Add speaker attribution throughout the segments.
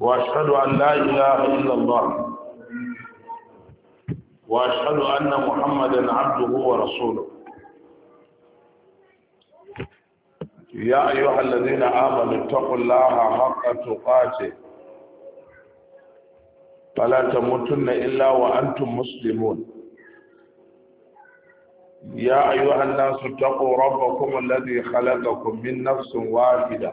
Speaker 1: وأشهد أن لا إله إلا الله وأشهد أن محمدا عبده ورسوله
Speaker 2: يا أيها الذين آمنوا اتقوا الله حق تقاته
Speaker 1: فلا تموتن إلا وأنتم مسلمون يا أيها الناس اتقوا ربكم الذي خلقكم من نفس واحده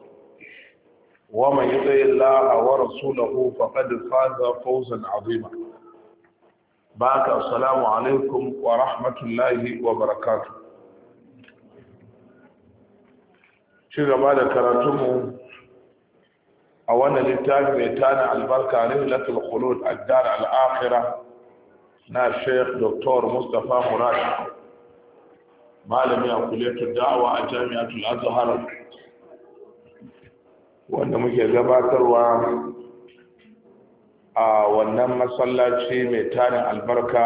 Speaker 1: ومن يطع الله ورسوله فقد فاز فوزا عظيما بارك السلام عليكم ورحمة الله وبركاته شيخ بعد كراتمه أولا للتاج على البركة رحلة الخلود الدار الآخرة نا الشيخ دكتور مصطفى مراد معلم كلية الدعوة جامعة الأزهر wanda muke gabatarwa a wannan masallaci mai tarin albarka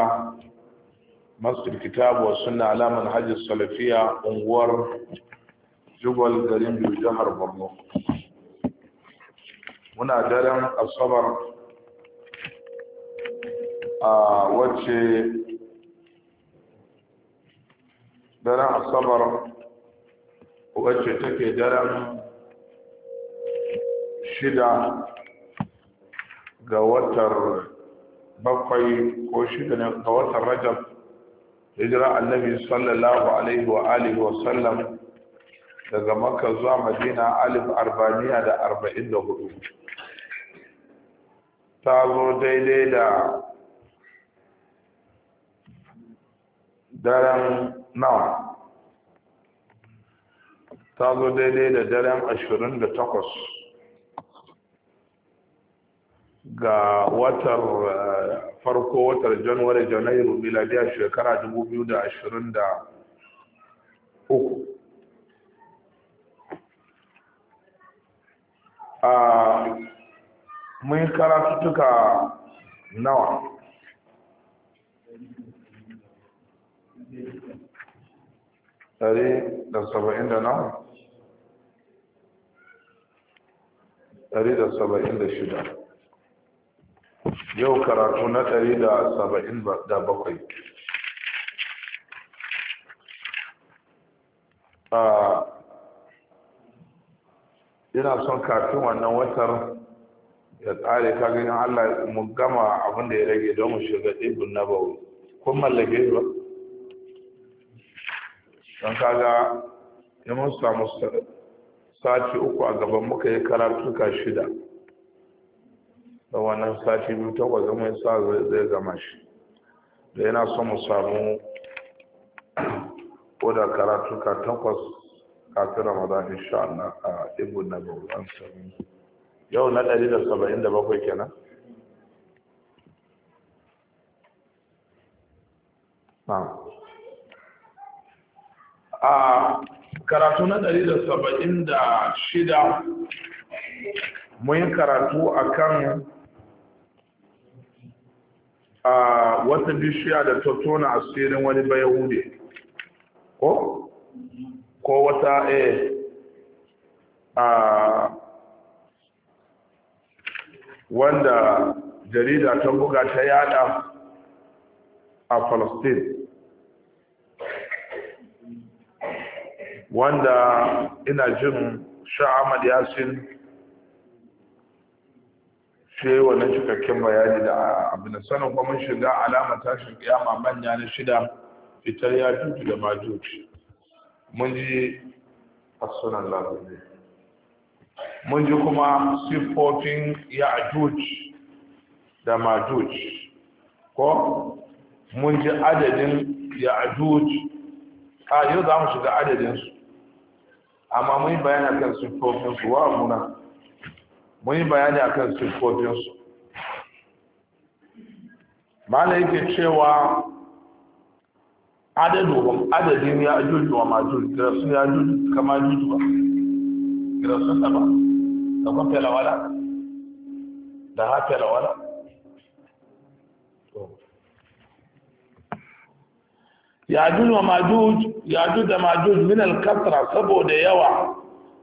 Speaker 1: masjid kitabu wa sunna alaman hajji salafiya unguwar jubal garin biyu jihar borno muna daren asabar a wacce daren asabar wacce take daren shida ga watar bakwai ko shida ne ga watar rajab hijira annabi sallallahu alaihi wa sallam daga makka zuwa madina alif arba'iniya da arba'in da hudu ta zo daidai da daren nawa ta zo daidai da daren ashirin da takwas ga watar eh, farko watar januwari janairu miladiya shekara 2023 a ah, mun karatuka nawa ɗari da saba'in da nawa ɗari da saba'in da shida yau karatu na ɗari da da saba'in bakwai. ina son kafin wannan watar ya tsare gani Allah mu gama abin da ya rage don mu shiga ibn nabawi kun mallake ba don kaga in mun samu sati uku a gaban muka yi ka shida da wannan sati biyu takwas mai sa zai gama shi da yana so mu samu ko da karatuka takwas kafin ramadan insha Allah a ibu na bautan sami yau na 177 kenan a karatu na 176 mun yi karatu akan a wata bishiya da ta tona asirin wani bayahude ko ko wata eh a wanda jarida ta buga ta yada a Palestine wanda ina jin sha'amad yasin wa wannan cikakken bayani da na sanin kuma mun shiga alama tashin kiyama manya na shida fitar ya tutu da majuci mun ji asunan labarai mun ji kuma sifofin ya ajuci da majuci ko mun ji adadin ya ajuci a yau za mu shiga adadinsu amma mun yi bayan akan siffofinsu wa muna mun yi bayani akan ba na yake cewa adadin ya juju wa majul girasun ya juju kama juju girasun kirasu saba da kuma felawala da ha felawala ya juju wa majuj ya juju da majuj min al-kasra saboda yawa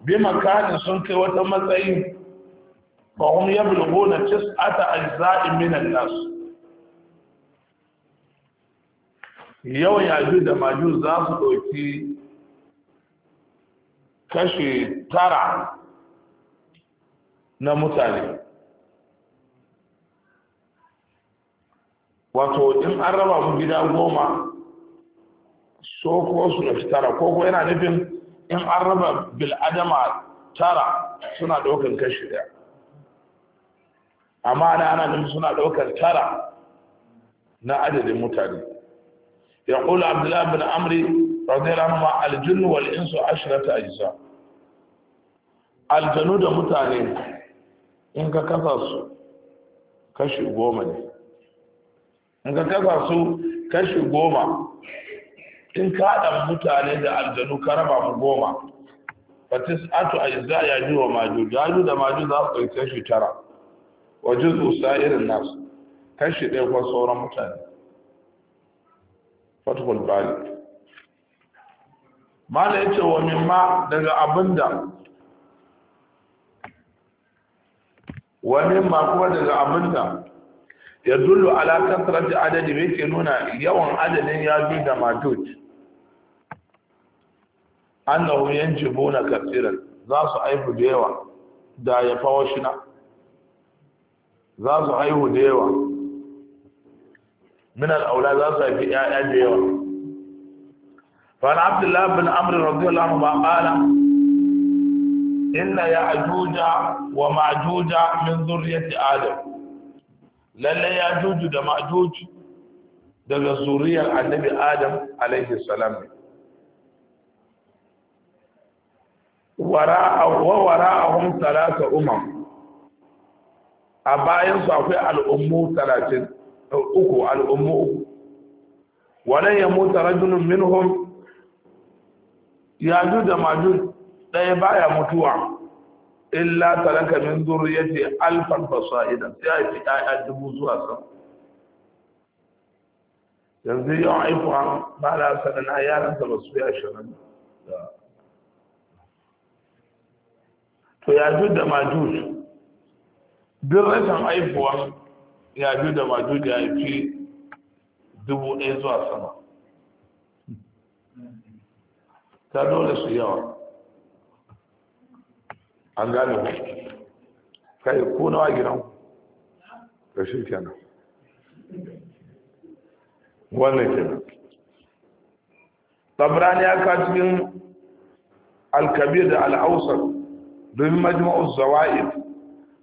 Speaker 1: bi makanin sun kai wata matsayin فهم يبلغون تسعة na من الناس يو an-nas yawan yaju da maju za su ɗauki kashi tara na mutane wato in an raba mu gida goma so ko su na tara ko ko yana nufin in an raba bil adama tara suna ɗaukan kashi daya amma ana ana ganin suna daukar tara na adadin mutane ya kula abdullahi bin amri radiyallahu anhu aljinnu wal insu ashrata ajza aljanu da mutane in ka kasa su kashi goma ne in ka kafa su kashi goma in ka haɗa mutane da aljanu ka raba mu goma fatis atu ajza ya ji wa maju jaju da maju za su kashi tara wa juz'u sa'irin nas kashi ɗaya kuma sauran mutane fatul bari mala yace wa mimma daga abinda wa mimma kuma daga abinda ya dulu ala kasrati adadi mai ke nuna yawan adadin ya bi da matut annahu yanjibuna katsiran za su aifu da yawa da ya fawo na. za su haihu da yawa min al'aula za su haifi ‘ya'ya da yawa fa'an abdullahi bin amurin radiyallahu anhu ba ƙala inna ya ajuja wa ma'ajuja min zurriyati adam lalle ya juju da ma'ajuj daga zuriyar annabi adam alaihi salam wara'ahum salasa umam a bayan su akwai al'ummu talatin uku al'ummu uku Wannan ya mutu rajulun minhum yaju da maju ɗaya baya mutuwa illa talaka min zurriyati alfan fasaida sai ya fi ayat dubu zuwa sa
Speaker 2: yanzu yau haifuwa
Speaker 1: ba na sanana yaransa ba su ya shirin to ya da majud duk rashin haihuwa ya biyu da da ya fi dubu ɗaya zuwa sama ta dole su yawa an gane ku kai ko nawa gidan ka shi kenan wannan kenan tabrani ya ka cikin alkabir da al'ausar domin majmu'ar zawa'id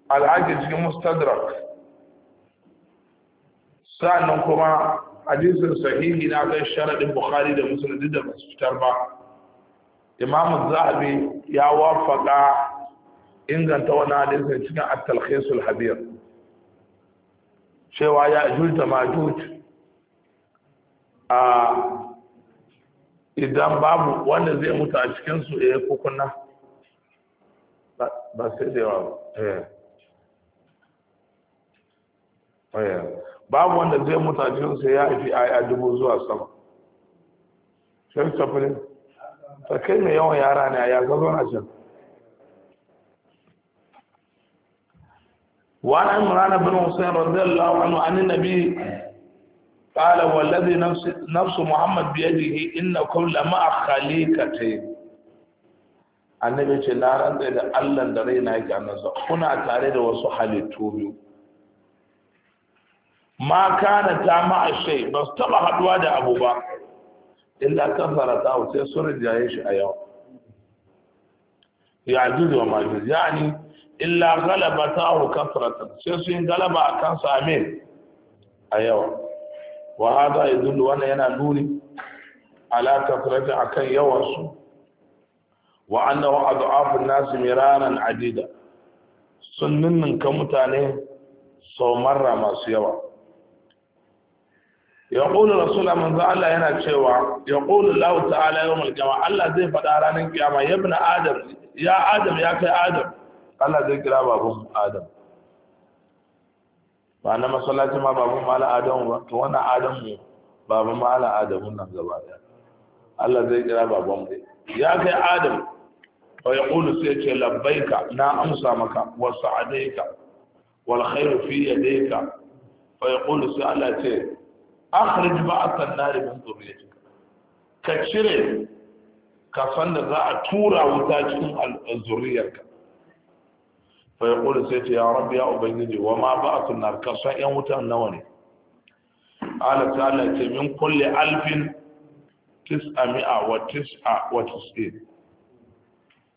Speaker 1: al'ajin cikin mustadrak sa'annan kuma hadisin sahihi na kai sharaɗin bukhari da Musulunci duk da masu fitar ba imamu zahabi ya wafaka inganta wani hadisin cikin at-talkhisul habir cewa ya julta majut a idan babu wanda zai mutu a cikinsu ya yi kukuna. ba sai da yawa ba eh. Eh, babu wanda zai mutu a ya haifi aya dubu zuwa sama shan safilin ta kai mai yawan yara ne ya zazo na can وعن عمران بن حسين رضي الله عنه عن قال والذي نفس نفس محمد بيده انكم لما خليقتين annabi ce na rantsa da Allah da raina yake annasa kuna tare da wasu halittu biyu ma kana ta ma'a shai ba su taba haduwa da abu ba illa kasara ta sai sun rijaye shi a yau ya juzu wa majuz yani illa galaba ta hu ta sai sun galaba a kan amin a yau wa hada zulu wannan yana nuni ala ta a kan su wa annahu adhafu an nasu miraran adida sun ninninka mutane sau marra masu yawa يقول الرسول من ذا الله yana cewa يقول الله تعالى يوم القيامة Allah zai faɗa ranan kiyama ya ibn Adam ya Adam ya kai Adam Allah zai kira baban Adam ba na masallaci ma baban mala Adam ba to wannan Adam ne baban mala Adam nan gaba daya Allah zai kira baban mu ya kai Adam wa yaqulu sai ce labbaika na amsa maka wa sa'adaika wal khairu fi yadayka fa yaqulu sai Allah ce akhrij ba'atan nari min zurriyatika ka cire kafan da za a tura wuta cikin zuriyarka fa yaqulu sai ta ya rabbi ya ubangiji wa ma ba'atun nar kasan yan wuta nawa ne ala ta'ala ce min kulli alfin tis'a mi'a wa tis'a wa tis'in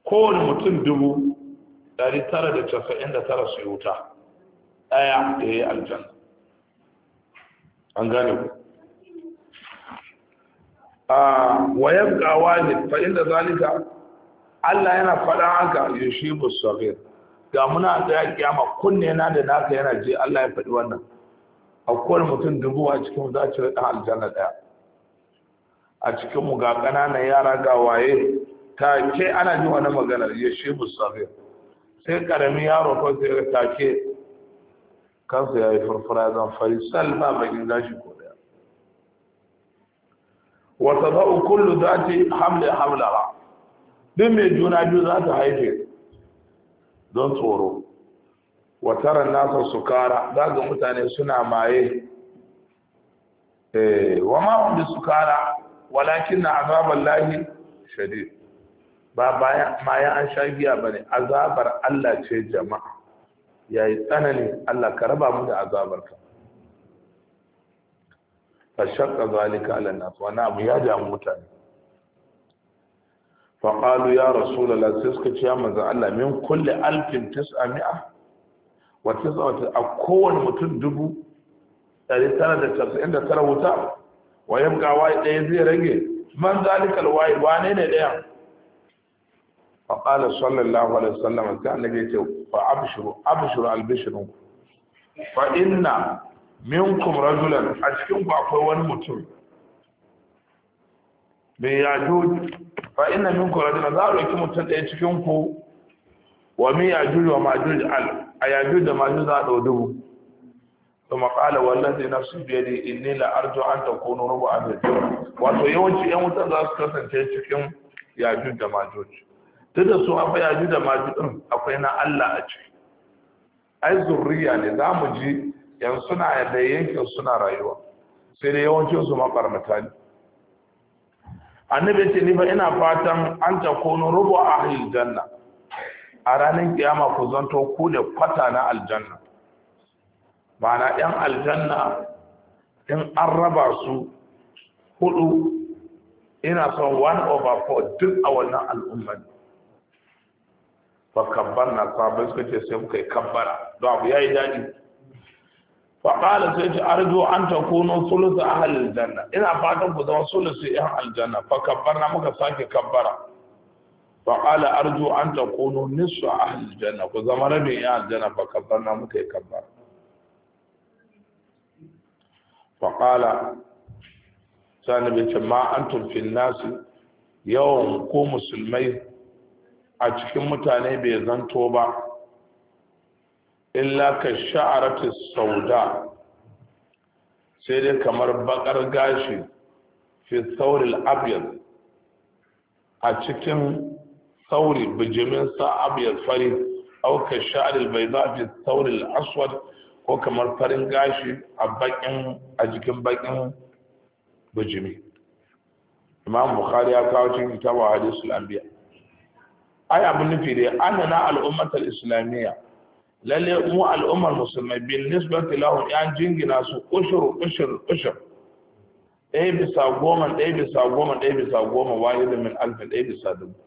Speaker 1: kowane mutum dubu dari tara da casa'in da tara su yi wuta ɗaya da ya yi aljanta. an gane ku wa yabqa wajib fa inda zalika Allah yana faɗa haka yushibu sabir ga muna tsaya kiyama kunne na da naka yana je Allah ya faɗi wannan akwai mutum dubu a cikin za ci ɗan aljanna ɗaya a cikin mu ga ƙananan yara ga waye ta ke ana ji wani maganar ya shi sai karami yaro ko sai ta ke kansa ya yi farfara zan fari salma bakin gashi ko daya wata ba'u kullu za ta yi hamle hamlaha duk mai juna biyu za ta haife don tsoro wataran nasa sukara za ga mutane suna maye eh, wa ma'un da sukara walakin na azabar lahi shadid ba bayan an sha giya ba ne azabar allah ce jama'a yayi tsanani Allah ka raba mu da azabarka fa shakka zalika ala nas wa na ya damu mutane fa qalu ya rasulullah sai suka ya manzo Allah min kulli alfin tis'ami'a wa tis'ati a kowane mutum dubu dari tara da casa'in da tara wuta wa yamka wai ɗaya zai rage man zalikal wai wane ne ɗaya فقال صلى sallallahu alaihi وسلم كان النبي ya ce fa abshuru abshuru albishru fa inna minkum rajulan a cikin فان منكم wani mutum يكون متن fa mutum ɗaya cikin ku wa min yajuj wa majuj al a da majuj za a ɗau dubu ثم قال والذي نفسي بيدي inni la'arju an takunu rubu'an wato yawanci yan wuta za su kasance cikin yajuj da majuj duk da su akwai yaji da din akwai na Allah a ciki ai zurriya ne za mu ji yan suna da yankin suna rayuwa sai dai yawancin su makarnata ne annabi ce ni fa ina fatan an ta kono rubu a janna a ranar kiyama ku zanto ku da kwata na aljanna ma'ana yan aljanna in an raba su hudu ina son one over four duk a wannan al'ummar fa kabbarna sahabbai suka ce sai muka yi kabbara don abu yi daɗi fa qala sai ta arzu an sulusu a halin janna ina fatan ku zama sulusu yan aljanna fa na muka sake kabbara fa an ta an nisu a halin janna. ku zama rabin yan aljanna fa na muka yi kabbara fa sani bai ce ma antum fil nasu yawan ko musulmai a cikin mutane bai zanto ba illa ka sha'arati sauda sai dai kamar bakar gashi fi sauril abyad a cikin sauri bijimin sa abyad fari au ka sha'aril bai za fi sauril aswad ko kamar farin gashi a bakin a jikin bakin bijimi imam bukhari ya kawo cikin kitabu hadisul anbiya ai abin nufi dai annana al'ummatar islamiyya lalle mu al'ummar musulmai bin nisbati lahum yan jingina su ushur ushur ushur ɗaya bisa goma ɗaya bisa goma ɗaya bisa goma wahidin min alfin ɗaya bisa dubu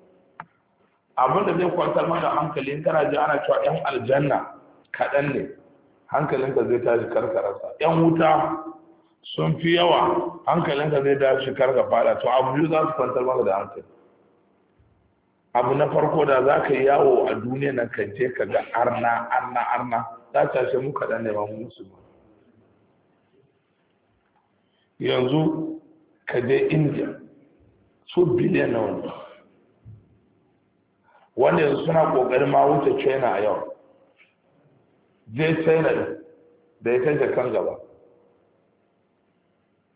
Speaker 1: abin da zai kwantar mana hankali kana ji ana cewa yan aljanna kaɗan ne hankalinka zai tashi karkararsa yan wuta sun fi yawa hankalinka zai tashi karka fada to abu biyu za su kwantar maka da hankali abu na farko da za ka yawo a duniya na ka je ka ga arna arna arna za ta ce muka da neman ba yanzu ka je india su biliyan na wani wanda yanzu suna kokarin ma wuce china a yau je china da ya kai kan gaba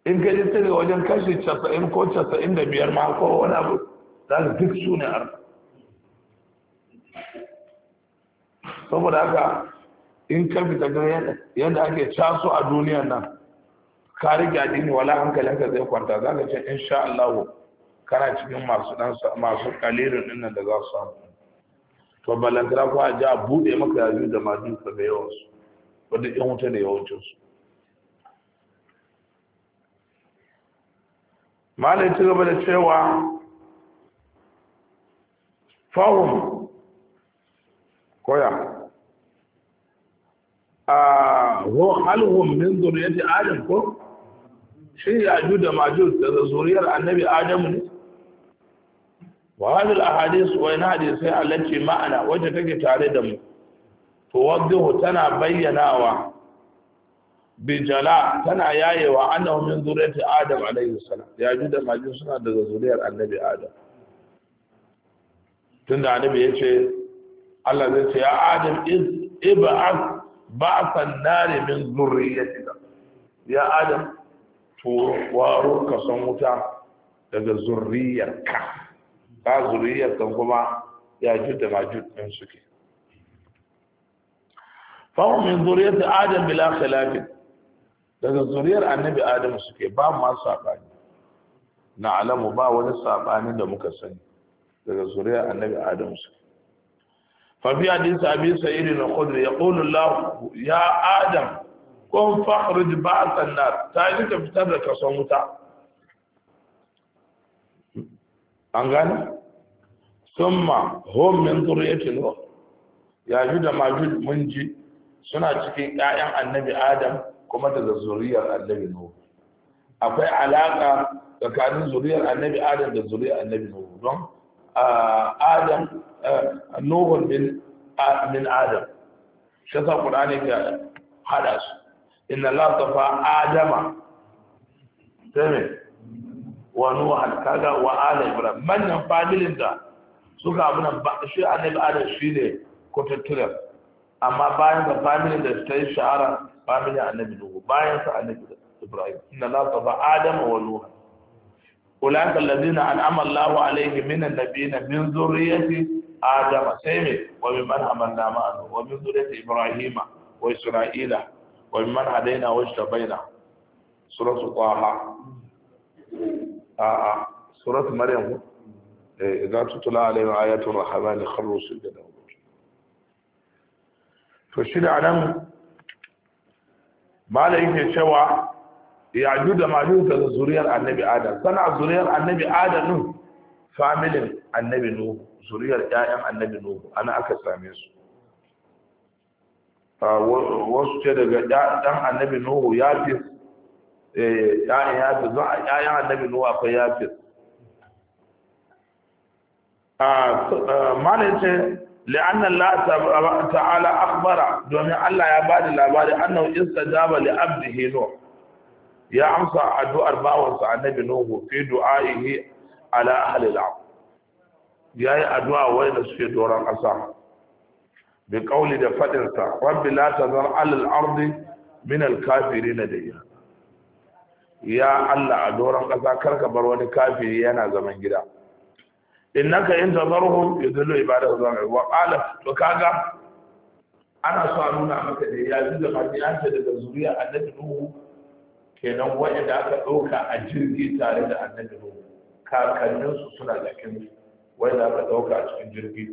Speaker 1: in ka je tsere wajen kashi 90 ko 95 ma ko wani abu za su duk su ne arna saboda haka in ka fita yadda ake caso a duniyan nan ka rike addini wala hankalinka zai kwanta za ka ce insha Allah kana cikin masu dan masu din nan da za su samu to balantara ko a ja bude maka yaji da madin ka da yawan su wanda yan wuta da yawancin su malai ci gaba da cewa fahim koya ho halhum min zuriyati adam ko shi ya juda da majus daga zuriyar annabi adam ne wa hadhihi ahadith wa ina hadisi allati ma'ana wacce take tare da mu To wadda tana bayyanawa bi jala tana yayewa annahu min zuriyati adam alayhi salam ya juda da majus suna daga zuriyar annabi adam tunda annabi yace Allah zai ce ya adam iz ib'ath ba'san nare min zurriyatika ya adam to waro ka san wuta daga zurriyarka zurriyar kan kuma ya jidda ma juddin suke fahim min zurriyati adam bila khilafin daga zurriyar annabi adam suke ba ma sabani na alamu ba wani sabani da muka sani daga zurriyar annabi adam suke ففي حديث أبي سعيد الخدري يقول الله يا آدم كن فخرج بعض النار تاجك فترك صمتا أنغاني ثم هم من ذرية نوح يا جود ما جود منجي suna cikin ƴaƴan annabi Adam kuma daga zuriyar annabi Nuhu akwai alaka tsakanin zuriyar annabi Adam da zuriyar annabi Nuhu don adam nuhun min adam shi sa qur'ani ga hada su inna allah tafa adama sai wa nuhan kaga wa ala ibrahim manyan fadilin da suka abun nan shi annabi adam shi ne tattura amma bayan da familin da ta yi shahara familin annabi nuhu bayan sa annabi ibrahim inna allah tafa adama wa Nuhu. أولئك الذين أنعم الله عليهم من النبيين من ذرية آدم سيمي وممن حملنا معه ومن ذرية إبراهيم وإسرائيل وممن هدينا واجتبينا سورة طه آه, آه. سورة مريم إيه، إذا تطلع عليهم آيات الرحمن خروا سجدا فالشرع nan malai yake cewa yaju da maju daga zuriyar annabi adam sana zuriyar annabi adam din familin annabi nuhu zuriyar ƴaƴan annabi nuhu ana aka same su wasu ce daga ɗan annabi nuhu ya fi ƴaƴan ya fi ƴaƴan annabi nuhu akwai ya fi malin ce لأن الله تعالى أخبر دومي الله يا بعد العباد أنه استجاب لعبده نوح ya amsa addu'ar bawansa annabi nuhu fi du'aihi ala ahli al-ard yayi addu'a wanda suke doran ƙasa bi qawli da fadin sa rabbi la tazar ala al-ard min al-kafirin dayya ya Allah a doran ƙasa karka bar wani kafiri yana zaman gida innaka in tazarhum yudillu ibadatu wa qala to kaga ana so a nuna maka da ya zuga an ce daga zuriya annabi nuhu kenan da aka ɗauka a jirgi tare da annabi nuhu kakanninsu suna cikin su da aka ɗauka a cikin jirgi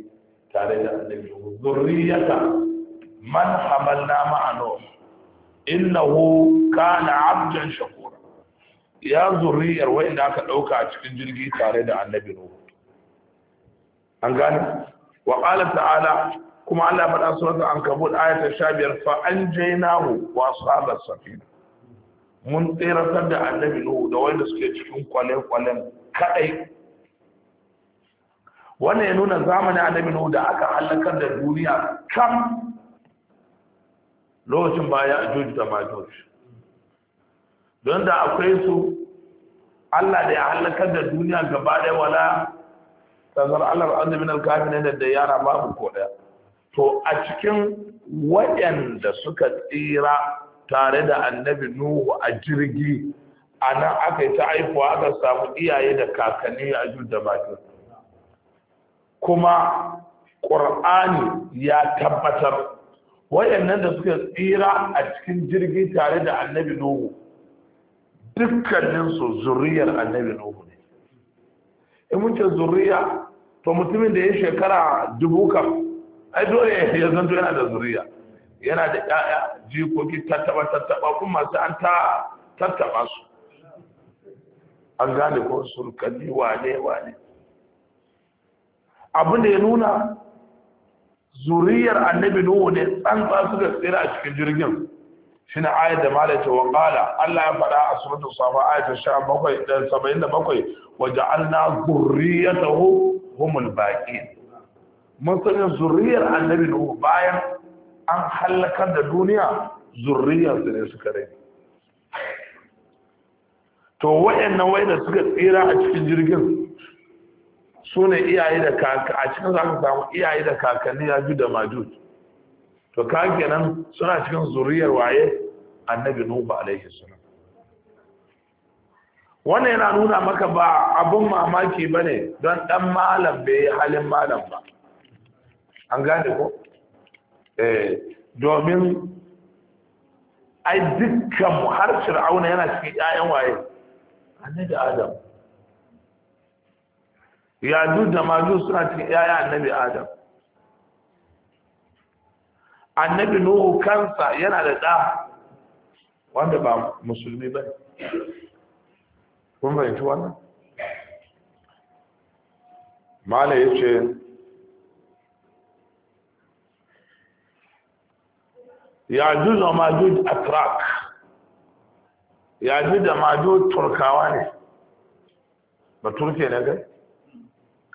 Speaker 1: tare da annabi nuhu zurriyata man hamalna ma'ano nuh innahu kana abdan shakura ya zurriyar da aka ɗauka a cikin jirgi tare da annabi nuhu an gane wa qala ta'ala kuma Allah ya faɗa suratul ankabut sha 15 fa anjaynahu wa ashabas safina mun tseratar da annabi nuhu da wanda suke cikin kwale-kwalen kadai wannan ya nuna zamanin annabi nuhu da aka halakar da duniya kam lokacin baya a juji da majus don da akwai su allah da ya halakar da duniya gaba da wala tazar allar azumin alkafin da yara babu ko daya to a cikin waɗanda suka tsira tare da annabi nuhu a jirgi a nan aka yi ta haifuwa aka samu iyaye da kakanni a da bakin kuma ƙur'ani ya tabbatar wayannan da suka tsira a cikin jirgi tare da annabi nuhu dukkaninsu zuriyar annabi nuhu ne in mun ce zuriya to mutumin da ya shekara dubu kam ai dole ya zanto yana da zuriya yana da ƴaƴa jikoki tattaba tattaba kuma masu an ta tattaba su an gane ko kalli wane wane abin da ya nuna zuriyar annabi nuhu ne tsantsa suka tsira a cikin jirgin shi na ayat da malata wa qala Allah ya faɗa a suratul safa ayat 77 wa ja'alna zurriyatahu humul baqin mun sanya zuriyar annabi nuhu bayan an halakar da duniya su ne suka rai to wayannan wai da suka tsira a cikin jirgin su ne iyaye da kaka a cikin za samu iyaye da kakanni ya ju da majud to kake nan suna cikin zuriyar waye annabi nuhu alaihi salam wannan yana nuna maka ba abun mamaki bane don dan malam bai halin malam ba an gane ko Eh, domin ai dukkan har fir'auna yana cikin ƴaƴan waye annabi adam yadu da maju suna cikin ƴaƴa annabi adam annabi nuhu kansa yana da ɗa wanda ba musulmi ba kun fahimci wannan mala ya ce yajuj wa majuj atrak yajuj da majuj turkawa ne ba turke ne kai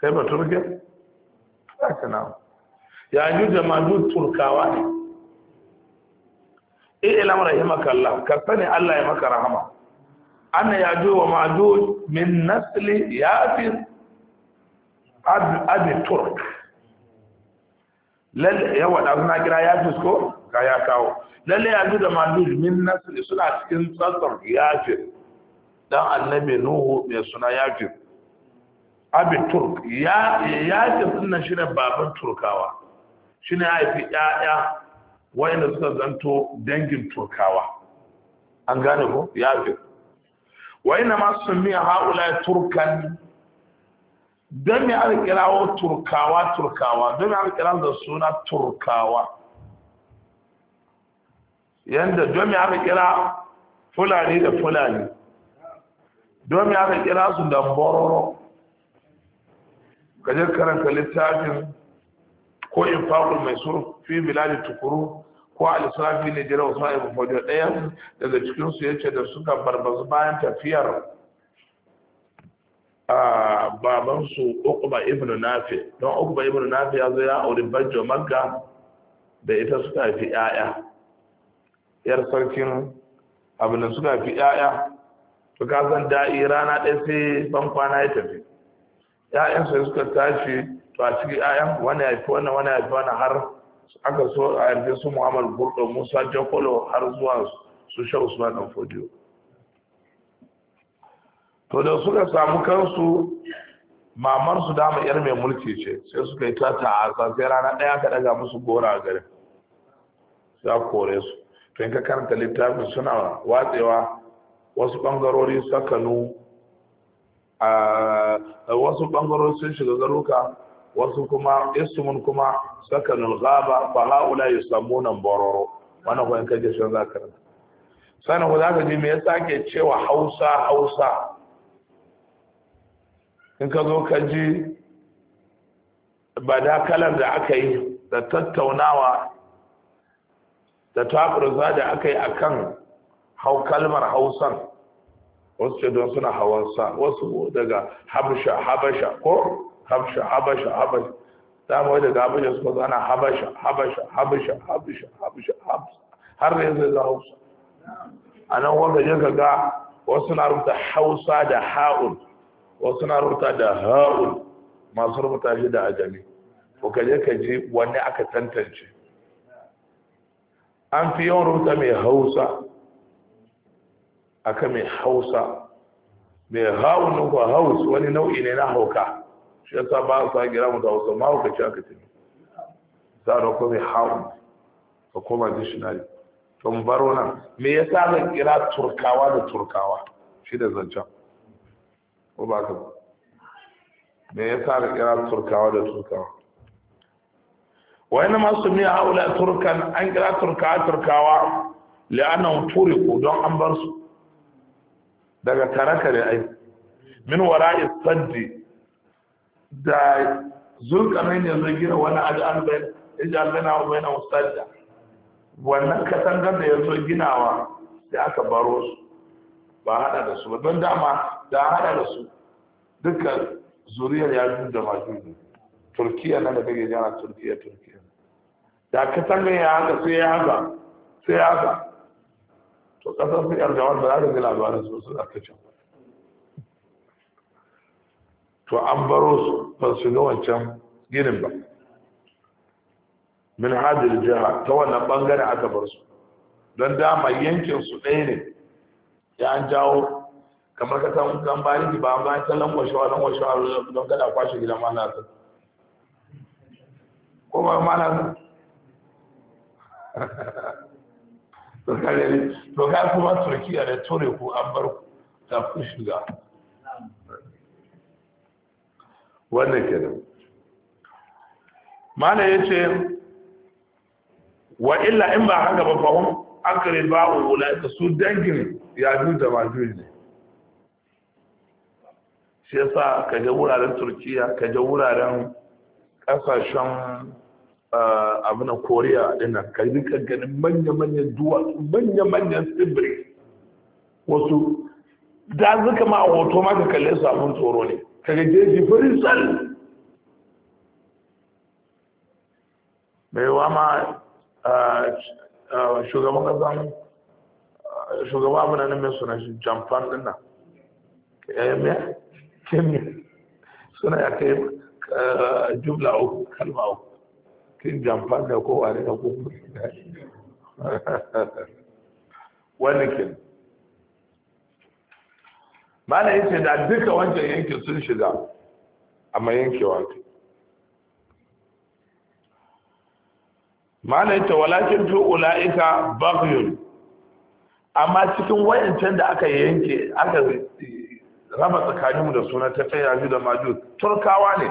Speaker 1: kai ba turke haka na yajuj da majuj turkawa ne ilam eh, rahimaka Allah ka sani Allah ya maka rahama anna yajuj wa majuj min nasli yafir abi turk lalle yawa da suna kira yafis ko Ka ya kawo lalle ya da malul min nasri suna cikin tsantsar yafir dan annabi nuhu mai suna yafir abi turk ya yafir din shine baban turkawa shine haifi 'ya'ya wayanda suka zanto dangin turkawa an gane ko yafir wayanda ma miya haula turkan don me aka kirawo turkawa turkawa don me aka kira da suna turkawa yanda domin aka kira fulani da fulani domin aka kira su da bororo kaje karanta littafin ko infaqul maisur fi biladi tukuru ko al ne jira usman ibn fawdi daya daga cikinsu su yace da suka barbazu bayan tafiyar a baban su uqba ibn nafi don uqba ibn nafi ya zo ya auri bajjo magga da ita suka fi 'ya'ya. yar sarkin abin da suka fi yaya to ka san da'i rana ɗaya sai ban ya tafi ya'yan sai suka tashi to a ciki ya'yan wani ya fi wani wani ya fi wani har aka so a yarda su Muhammadu burdo musa jakolo har zuwa su sha usman dan fodiyo to da suka samu kansu mamar su dama yar mai mulki ce sai suka yi ta ta'aza sai rana ɗaya ka ɗaga musu gora a garin sai kore su to in ka karanta littafin suna watsewa wasu bangarori sakanu a wasu bangarori sun shiga garuka wasu kuma ismun kuma sakanul ghaba fa haula yusammuna bororo wannan bororo in ka je shi za ka karanta Sanin ko za ka ji me yasa ke cewa Hausa Hausa in ka zo ka ji ba da kalar da aka yi da tattaunawa da takurza da aka yi a kan hau kalmar hausan wasu ce don suna hawansa wasu daga habsha habasha ko habsha habasha habasha da daga habasha suka ana habasha habasha habasha habasha habasha har da yanzu za hausa a nan wanda ya ga wasu na rubuta hausa da ha'un wasu na rubuta da ha'un masu rubuta shi da ajami ko kaje je ka ji wanne aka tantance an fi yawan rubuta mai hausa aka mai hausa mai haunin nufa haus wani nau'i ne na hauka shi yasa ba sa gira mutu hausa ma hauka ce aka ce za a ko mai haun ka koma dishinari tun baro nan me ya sa zan kira turkawa da turkawa shi da zancen ko ba ka me ya sa zan kira turkawa da turkawa wa yana ma sumi haula turkan an kira turkawa turkawa li'annahum turiku don an bar su daga karakare ai min wara'i saddi da zulkarnain ne zai gina wani ajal bayan ijal bayan wa bayan sadda wannan katangar da ya zo ginawa sai aka baro su ba hada da su ba don dama da hada da su dukkan zuriyar ya da majuni turkiya nan da kake jana turkiya turkiya da me ya haka sai ya haka sai ya haka to kasar su yar da wanda za ka ga labarin su suna ta can to an baro su ba su ga wancan ginin ba min hadir jiha ta wannan bangare aka bar su don dama yankin su ɗaya ne ya an jawo kamar ka san kan bayan ba an bayan ta lamba shawa lamba shawa don kada kwashe gidan mana ta ko ba mana ta to kare to ga kuma turkiya da tore ku an bar ku ta ku shiga wannan kenan mana ce, wa illa in ba haka ba fahim akare ba ulaika su dangin ya ju da majuj ne shi yasa kaje wuraren turkiya kaje wuraren kasashen Eh, abin a koriya dina ka rika ganin manya-manyan duwatsu manya-manyan tsibiri wasu dazuka ma a hoto ma ka kalle su abin tsoro ne ka ga jeji firisal mai wa ma eh, eh, shugaban kasan shugaba abin nan mai suna shi jamfan nan kemiya kemiya suna ya kai jumla uku kalma uku tun jamfan da kowa ne da kuma wani kin mana ce da duka wancan yankin sun shiga amma yankewa na yi yace walakin tu'ula ita bakiyun amma cikin wayancan da aka yanke aka raba tsakaninmu da suna ta fayyaju da maju turkawa ne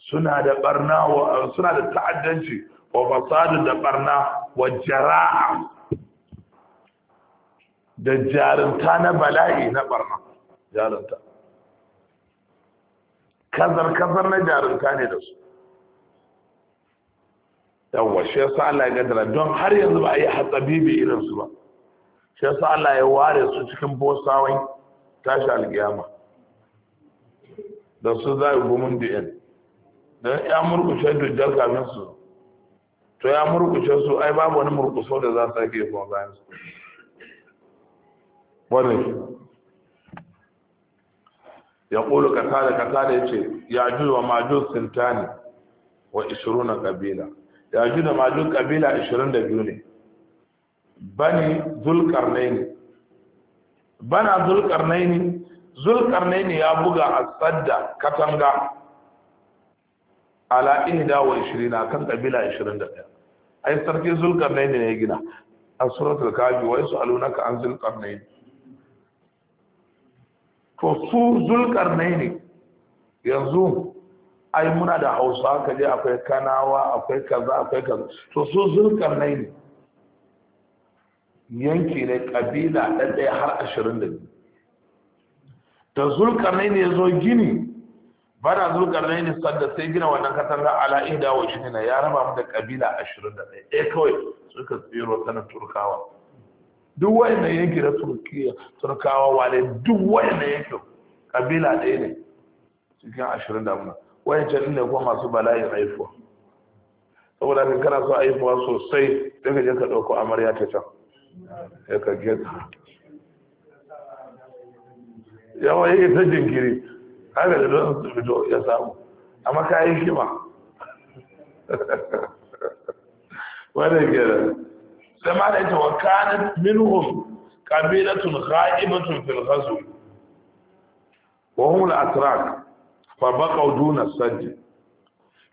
Speaker 1: suna da barna suna da ta'addanci wa fasadu da barna wa jara'a da jarunta na bala'i na barna jarunta kazar-kazar na jarunta ne da su yawwa shi yasa Allah ya gadara don har yanzu ba a yi hatsabibi irin su ba shi yasa Allah ya ware su cikin bosawai tashi alkiyama da su za a gumin da don eh, ya murkushe dujjal kafin su to ya murkushe su ai babu wani murkuso da za su ake kuma bayan su wani ya ƙulu kasa da ya ce ya ju wa majus sintani wa 20 kabila ya ju da maju kabila 22 ne bani zulkarnaini bana zulkarnaini zulkarnaini ya buga a sadda katanga ala ihda wa ishirina kan kabila ishirin da ɗaya ai sarki zulkarnain ne ya gina a suratul kafi wa yasu alunaka an zulkarnain to su ne yanzu ai muna da hausa ka je akwai kanawa akwai kaza akwai kaza to su zulkar ne yanki ne kabila ɗaya har ashirin da biyu da zulkar zulkarnain ya zo gini bana zulkarnai ne sanda sai gina wannan katanga ala ihda wa ishina ya raba mu da kabila 21 eh kawai suka tsiro sana turkawa duk wayannan yanki da turkiya turkawa wale duk wayannan yanki kabila ɗaya ne cikin 20 da muna wayancan ne ko masu bala'in haifuwa saboda kan kana so haifuwa sosai sai ka je ka ɗauko amarya ta can ya ka gesa yawa yake eh, ta jinkiri har da don su fito ya samu a ka yi shi ma wadda da zama da ita wa kanin minhum kabilatun ra'ibatun fil ghazw wa hum al atrak fa baqaw duna sajj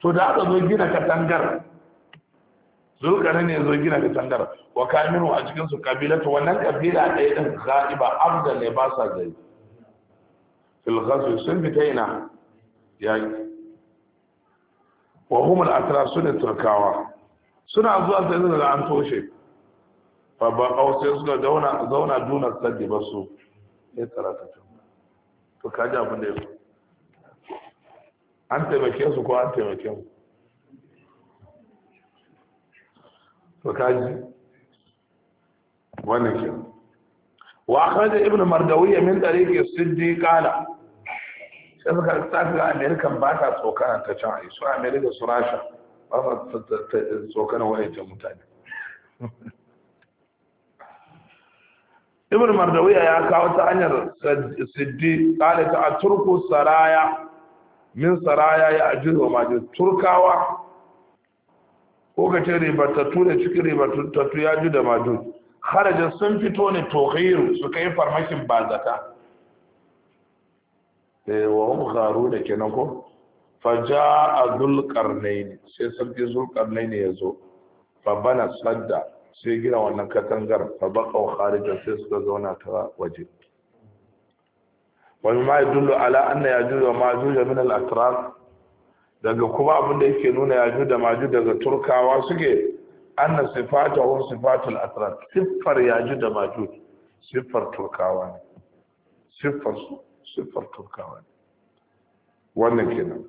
Speaker 1: to da aka zo gina katangar zulkarni ne zo gina katangar wa kanin a cikin su kabilatu wannan kabila ɗaya din ra'iba abdal ne ba sa gari filhasu sun fita ina yaƙi wa humul atara su ne turkawa suna zuwa sai suka ga an toshe babban sai suna zauna duna sadi ba su ya tsara ta to kaji abin da ya fi an taimake su ko an taimake mu to kaji wani kenan واخرج ابن مردويه من طريق السدي قال sai suka tafi ga amerikan ba ta tsokana ta can ai su amerika su rasha ba ta tsokana wayancan mutane ibn mardawiya ya kawo ta hanyar siddi kare a turku saraya min saraya ya majin turkawa ko ka ce ribatattu da cikin ribatattu ya ji da majin kharaja sun fito ne toghiru su kai farmakin bazata eh wa hum da kenan ko azul qarnain sai sarki zul ya zo fa bana sadda sai gina wannan katangar fa baqaw kharijan sai suka zauna ta waje Wani ma yadullu ala anna yajuj ma majuj min al-atraf daga kuma abin da yake nuna yajuj da majuj daga turkawa suke anna sifatuhu sifatul atrak siffar yaju da maju siffar turkawa ne siffar su siffar turkawa ne wannan kenan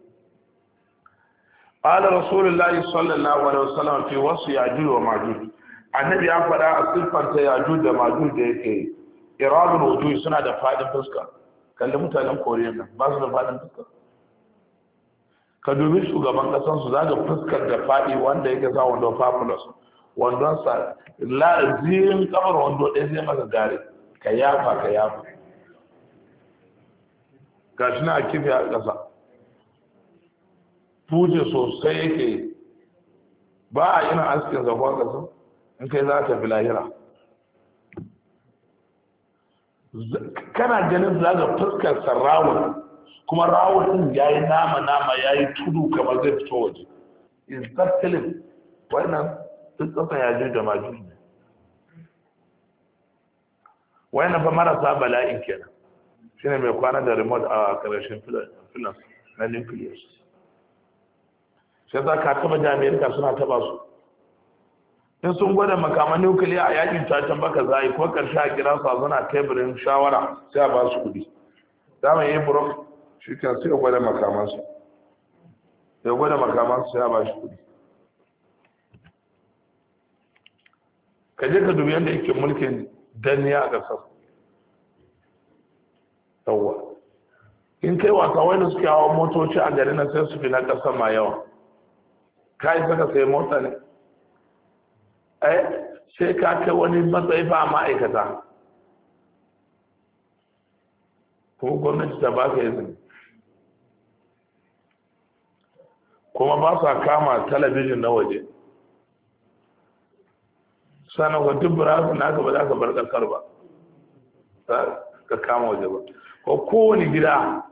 Speaker 1: qala rasulullahi sallallahu alaihi wasallam fi wasu yaju wa maju annabi ya faɗa a siffar ta yaju da maju da yake iradul wujuhi suna da fadin fuska kalli mutanen koriya ba su da fadin fuska ka domin shugaban kasan su zaga fuskar da faɗi wanda yake sa wando fabulous wandon sa la zirin kamar wando ɗaya sai masa gare ka yafa ka yafa shi na kifi a ƙasa fuje sosai yake ba a ina askin zagon ƙasa in kai za ta fi lahira kana ganin za fuskar sarawun. kuma rawun ya yi nama nama ya yi tudu kamar zai fito waje In istastilin wannan duk tsaka ya da maju ne wannan fa marasa bala'in kenan shine mai kwana da remote a karshen filas na nucleus sai za ka taba Amerika suna taba su in sun gwada makaman nukiliya a yakin cacin baka zai ko karshe a kira su a teburin shawara sai a ba su kudi za mu yi burok shi ka sai gwada makamansu ya gwada makamansu ya ba shi kudi ka je ka dubi yadda yake mulkin danniya a ƙasar yawwa in kai wasa wai da suke hawa motoci a garin nan sai su fi na ƙasa ma yawa ka yi saka sai mota ne ai eh, sai ka kai wani matsayi ba ma'aikata ko gwamnati ta ba ka izini kuma ba sa kama talabijin na waje sannan ka duk na naka ba za ka bar ƙasar ba ka kama waje ba ko kowane gida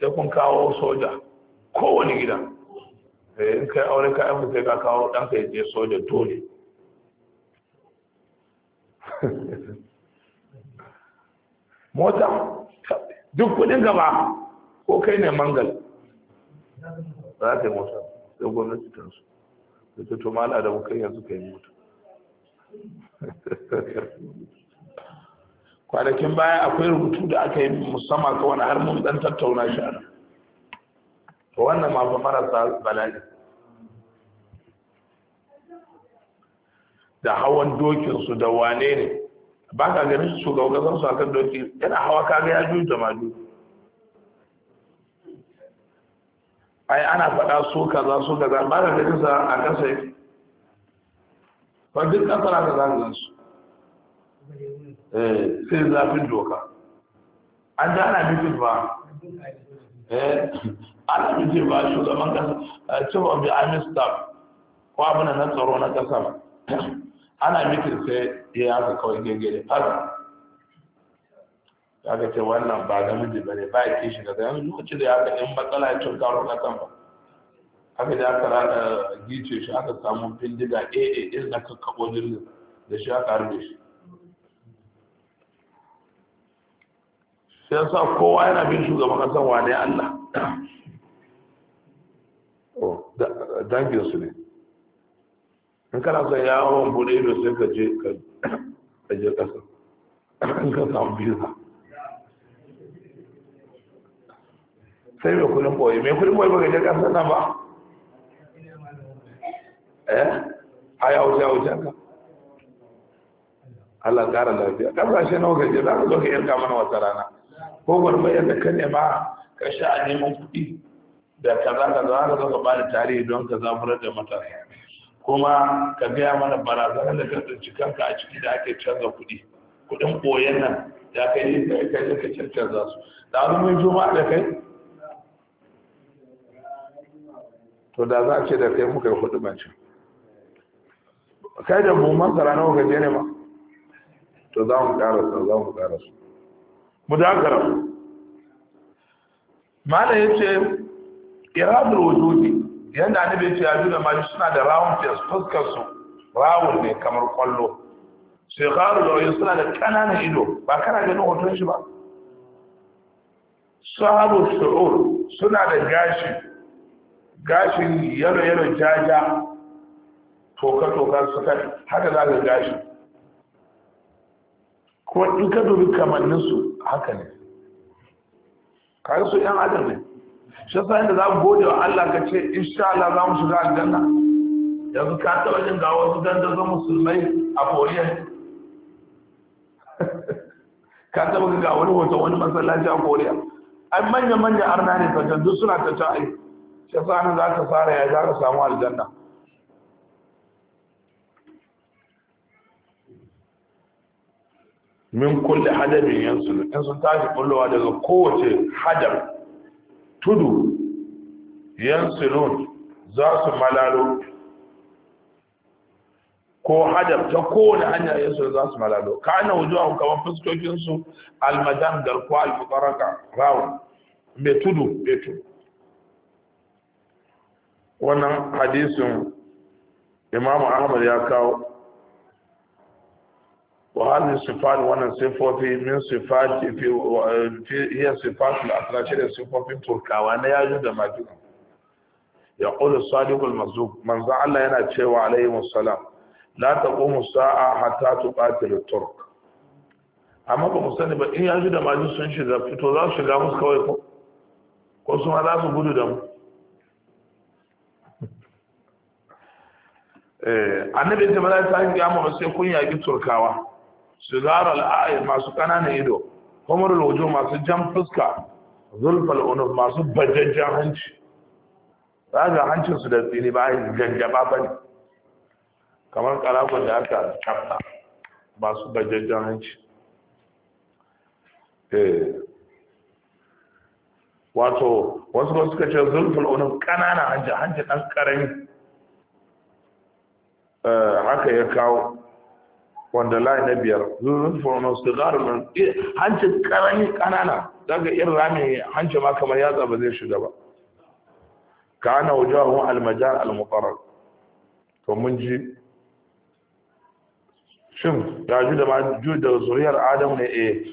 Speaker 1: sai kun kawo soja kowane gida eh, in kai aure ka aiki sai ka kawo ɗanka ya je soja dole mota duk kudin gaba ko kai ne mangal za ta yi mota sai gwamnati ta su da ta to da yanzu ka yi mota kwanakin baya akwai rubutu da aka yi musamman ka wani har mun dan tattauna shi ana to wannan ma marasa bala'i da hawan dokinsu da wane ne ba ka ganin shugaban kasar su akan doki yana hawa kaga ya juju da ma ai ana faɗa su kaza su kaza ba da ganin sa a kasa yake fadin duk kasar kaza za ka su eh sai zafin doka an da ana mitin ba eh ana mitin ba shugaban kasa chief of the army staff ko abu na tsaro na kasa ana mitin sai ya haka kawai gengere fara kaga ce wannan ba miji bane ba ya kishi daga yanzu lokacin da ya ga in matsala ya cin karo na kan ba aka da aka rada gice shi aka samu bindiga aa eh, eh, eh, na kakkabo jirgin da shi aka harbe shi sai sa kowa yana bin shugaban kasan wane allah oh, danginsu ne in kana son yawon bude ido sai ka je ka je kasa in ka samu biza sai mai kudin boye mai kudin boye baka je kasar nan ba eh haya wuce wuce ka Allah kara lafiya kasashe nawa ka je za ka zo ka yarka mana wata rana ko gwarmayar da ka nema ka sha a neman kuɗi da kaza kaza za ka zo ka ba tarihi don ka zaburar da matasa kuma ka gaya mana barazanar da ka tsinci kanka a ciki da ake canza kuɗi kuɗin ɓoyen nan da ka yi ka ka canza su da wani mun juma'a da kai to da za a ce da kai muka yi hudu bancin kai da mu masara na gaje ne ma to za mu karasa za mu karasa mu dakara mana ya ce iradar wujudi yadda ne bai ce ya juna ma suna da rawun fes fuskar su rawun ne kamar kwallo shekaru da wajen suna da kananan ido ba kana ganin hoton shi ba sahabu shu'ur suna da gashi gashin yaro yaro jaja toka toka suka haka za ka gashi ko in ka dubi kamanninsu haka ne kayan su yan adam ne shi sa yadda za mu gode wa Allah ka ce insha Allah za mu shiga aljanna yanzu ka taɓa jin ga wasu dandazon musulmai a koriya ka taɓa ga wani hoton wani masallaci a koriya ai manya-manya arna ne duk suna ta ta'ai shi za ka fara ya za ka samu aljanna min kulle hadabin yansu in sun tashi kullowa daga kowace hadab tudu yansu nun za su malalo ko hadab ta kowane hanya yansu za su malalo ka ana a hukamar fuskokinsu almadam garkuwa alfukaraka rawun mai tudu mai tudu wannan hadisin imamu ahmad ya kawo wa hadin sifat wannan sifofi min sifat fi iya sifat al da sifofin turkawa na yaju da majina ya ƙudu sadiqul mazu manzan Allah yana cewa alaihi Na la taqumu sa'a hatta tuqatil turk amma ba mu sani ba in yaju da majina sun shiga fito za su shiga musu kawai ko ko sun za su gudu da mu Eh, annabi ta bala ta hanyar gama sai kun yaƙi turkawa sigarar al'ayi masu ƙananan ido al wujuh masu jan fuska zulfal unuf masu bajajjen hanci za ga hancinsu da tsini ba ganjaba ba ne kamar kalakon da aka kafta masu bajajjen hanci eh, wato wasu ba suka ce zulfal unuf kanana hanci hanci dan ƙarami Eh, haka ya kawo wanda layi na biyar zuzun fono sigarin eh, hanci karami kanana daga irin rami hanci ma kamar yatsa ba zai shiga ba ka ana wajahun almajar almukarar to mun ji shin ya ju da maju da zuriyar adam ne a eh.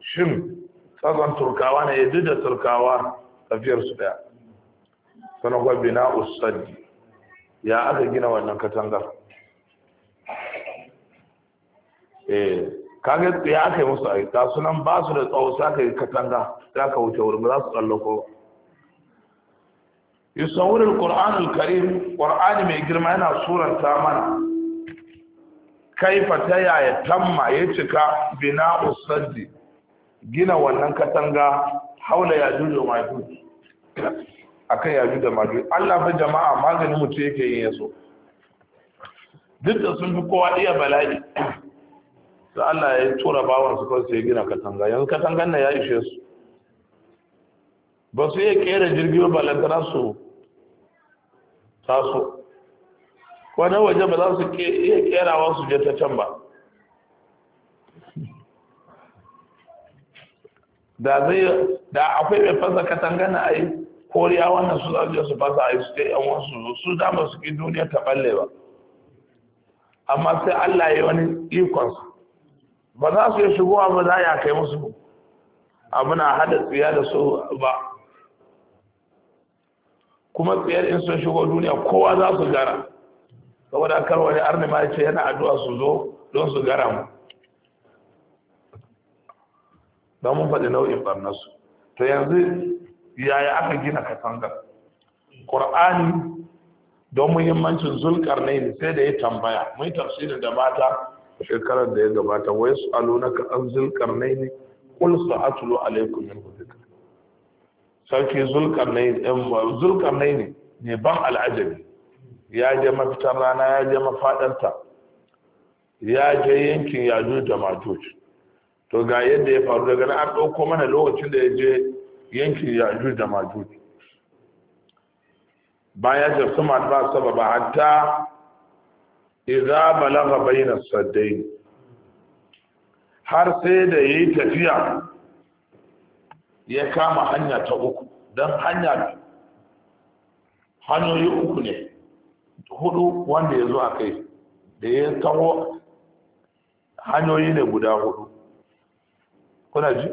Speaker 1: shin tsazan turkawa ne ya ji da turkawa tafiyar su daya sanakwa bina usadi ya aka gina wannan katangar eh kaga ya aka yi musu a ga sunan ba su da tsawo sa kai katanga za ka wuce wurin za su tsallako yusawwar alquran alkarim qur'an mai girma yana ta mana kaifa ta yaya tamma ya cika bina usaddi gina wannan katanga haula ya juju maju akan ya juju maju Allah fa jama'a maganin mutu yake yin yaso duk da sun fi kowa iya bala'i sai Allah ya tura bawan su kawai ya gina katanga yanzu katangan nan ya ishe su ba su iya kera jirgi ba lantana su taso wani waje ba za su iya kerawa su je ta can ba da zai da akwai mai fasa katanga na ai koriya wannan su za su fasa ai su ta yan wasu su dama su ki duniya ta balle ba amma sai Allah ya yi wani ikonsa ba za su yi shigowa ba za a kai musu abuna hada tsiya da su ba kuma tsiyar in sun shigo duniya kowa za su gara saboda kar wani arni ma ce yana addu'a su zo don su gara mu don mun faɗi nau'in barnasu to yanzu yaya aka gina katangar ƙur'ani don muhimmancin zulƙar ne sai da ya tambaya mun tafsirin da mata shekarar da ya gabata wai su ka an zulkarnai ne kul sa'atulu alaikum min dhikr sarki zulkarnai eh, zulkarnai ne ne ban al'ajabi ya je mafitar rana ya je mafaɗanta. ya je yankin yajuj da majuj to ga yadda ya faru daga nan an ɗauko mana lokacin da ya je yankin yajuj da majuj baya da sama ba sababa hatta idza balagha bayna saddain har sai da yayi tafiya ya kama hanya ta uku dan hanya hanyoyi uku ne hudu wanda ya zo a kai da ya taho hanyoyi ne guda hudu kuna ji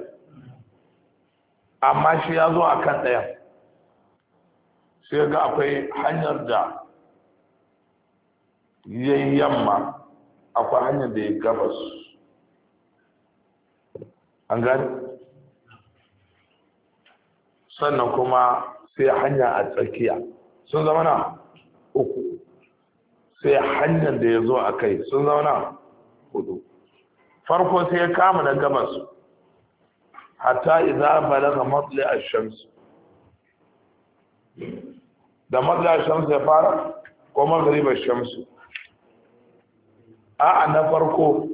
Speaker 1: amma shi ya zo a kan ɗayan sai ga akwai hanyar da yayi yamma akwai hanyar da ya gabas an gani sannan kuma sai hanya a tsakiya sun zama na uku sai hanyar da ya zo a kai sun zama na hudu farko sai ya kama da gabas hatta idza ga matli a shamsu da matli a shamsu ya fara ko magariba shamsu a'a na farko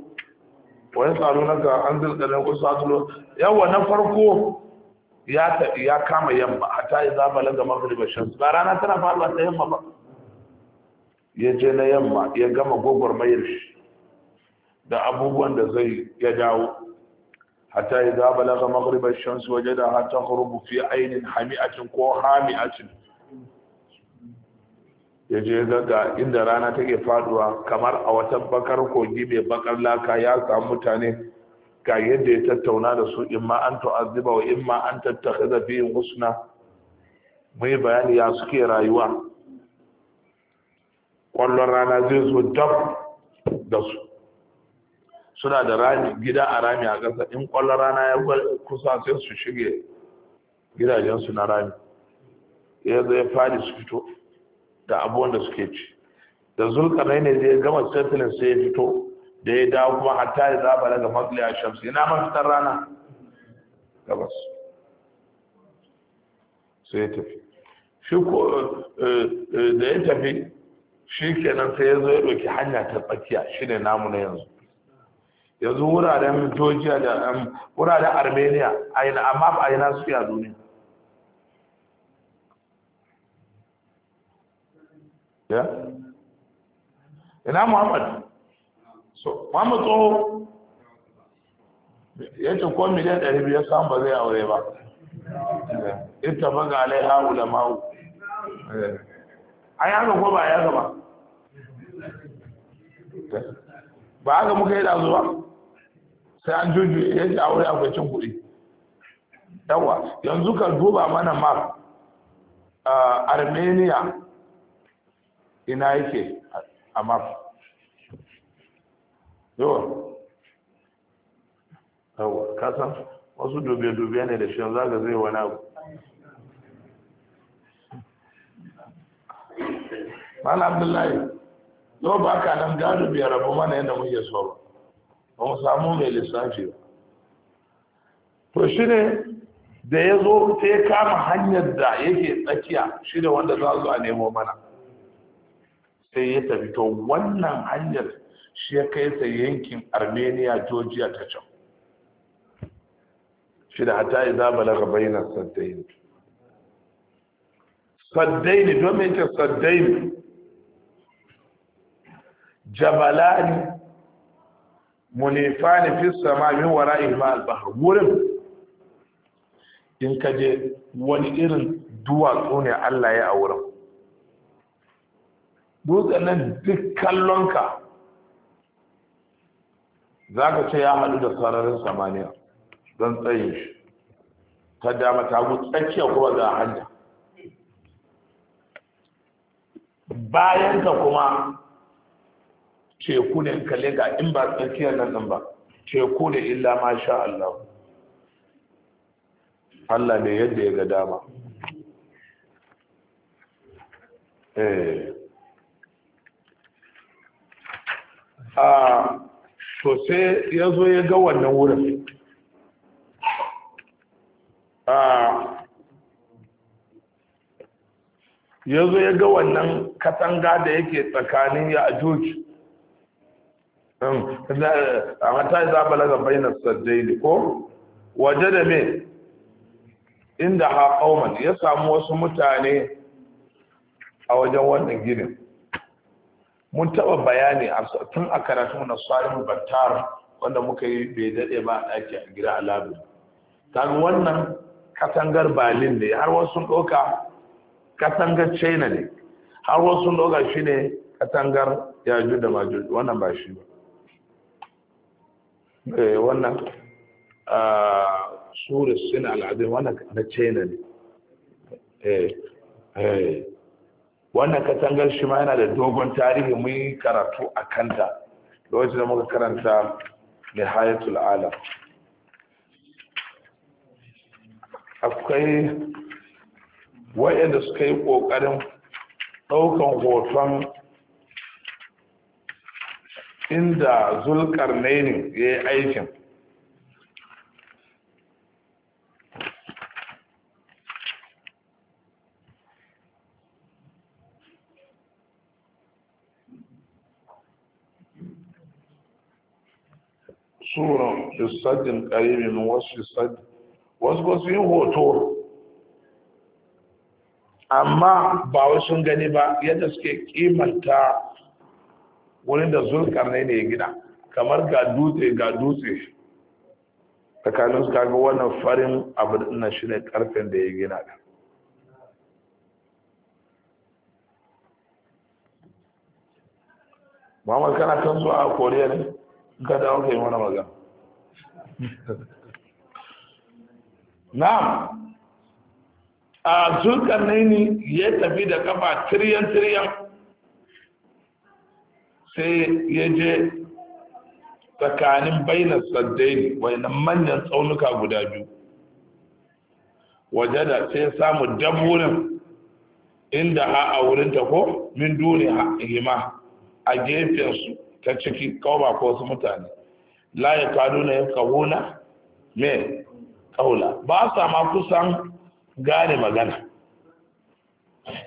Speaker 1: wani tsaro na ga an na kusa tulo yawa na farko ya kama yamma a ta yi zabala ga magriba shan ba rana tana faruwa ta yamma ba ya je na yamma ya gama mayar shi da abubuwan da zai ya dawo hatta idza balagha maghrib ash-shams wajadaha taghrubu fi aynin hami'atin ko hami'atin ya je daga inda rana take faduwa kamar a wata bakar kogi mai bakar laka ya samu mutane ga yadda ya tattauna da su in ma an tu'azziba wa ma an tattakhidha fi husna mai bayani ya suke rayuwa kwallon rana zai zo dab da su suna da rami gida a rami a ƙasa in kwallon rana ya kusa sai su shige gidajensu na rami ya zai fadi su fito da abubuwan da suke ci da zulkarnai ne zai gama sentinel sai ya fito da ya dawo kuma hatta ya zaba daga a shamsi ina mafitar rana gabas sai ya tafi shi ko eh, eh, da ya tafi shi kenan sai ya zo ya ɗauki hanya ta tsakiya shi ne namu na yanzu yanzu wuraren georgia da wuraren armenia a ina amma a yana suke a duniya ya ina muhammad so muhammad tsoho ya ce ko miliyan ɗari biyar samun ba zai aure ba ita ba ga alai hau da mahu a yaga ko ba a yaga ba ba haka muka yi da zuwa sai an juju ya ce aure akwai cin kuɗi yawa yanzu ka duba mana ma, ah, armenia ina yake a map yawa yawa kasan wasu dube-dube ne da shi zaga zai wani abu
Speaker 2: mana abdullahi
Speaker 1: yau ba ka nan gado biyar abu mana yadda muke so ba mu samu mai lissafi ba to shi ne da ya zo ta kama hanyar da yake tsakiya shi ne wanda za zo a nemo mana sai ya tafi to wannan hanyar shi ya kai sa yankin armenia georgia ta can shi da hata iza balaga bayyana saddain saddain domin ta saddain jabalani munifani fi sama min wara ma al wurin in kaje wani irin duwatsu ne Allah ya a wurin dutsen nan duk kallonka za ka ce ya haɗu da sararin samaniya don tsayin shi ta dama ta gu tsakiya kuma a hanya bayanta kuma teku ne kalle ga in ba tsakiyar nan nan ba teku ne illa ma sha Allah Allah ne yadda ya ga dama eh a sosai ya zo ya ga wannan wurin a ya zo ya ga wannan katanga da yake tsakanin ya ajoji um, a mata ga balaga bainar sajjaili ko waje da me inda haƙaumar ya samu wasu mutane a wajen wannan ginin mun taba bayani tun a karatu na Salimu battar wanda muka yi bai dade ba a ɗaki a gida ta kaga wannan katangar berlin ne har wasu doka katangar china ne har wasu doka shi ne katangar yaju da majuju wannan ba shi ba eh, wannan suris sin al'adun wannan na china ne eh, eh. wannan katangar shi ma yana da dogon tarihi mun yi karatu a kanta lokacin da muka karanta nihayatul alam akwai wayanda suka yi ƙoƙarin ɗaukan hoton inda zulkar ne ya yi aikin suran fisadin ƙaribi wasu fisadin wasu wasu yin hoto amma ba wai sun gani ba yadda suke kimanta wurin da zulkarnai ne ya gina kamar ga dutse ga dutse tsakanin su kaga wannan farin abu na shi ne karfen da ya gina da muhammad kana kan zuwa a koriya ne Gada dawo yi mana magana na a naini ya tafi da kafa tiriyan tiriyan sai ya je tsakanin bainar saddai wainan manyan tsaunuka guda biyu waje da sai ya samu daburin inda a wurin ta ko min duniya a a su. ta ciki kauma ko wasu mutane la ya kadu na yin kahuna me kaula ba sa ma kusan gane magana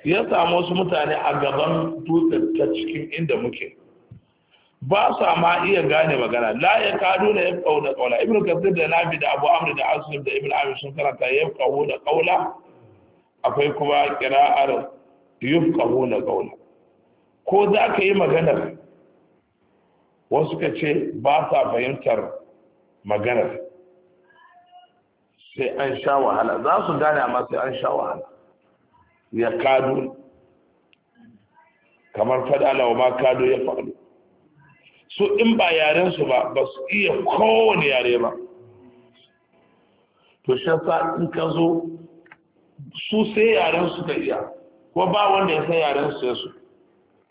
Speaker 1: ya samu wasu mutane a gaban dutsen ta cikin inda muke ba sa ma iya gane magana la ya kadu na yin kauna kaula ibn kasir da nabi da abu amri da aslim da ibn amir sun karanta yin kahuna kaula akwai kuma kira'ar yufqahuna qawla ko za ka yi maganar wasu suka ce ba sa fahimtar maganar sai an sha wahala za su gane amma sai an sha wahala ya kadu kamar fadala wa ma kadu ya faɗo su in ba yaren su ba ba su iya kowane yare ba to shafa in ka zo su sai yaren su ka iya ko ba wanda ya sai yaren su ya su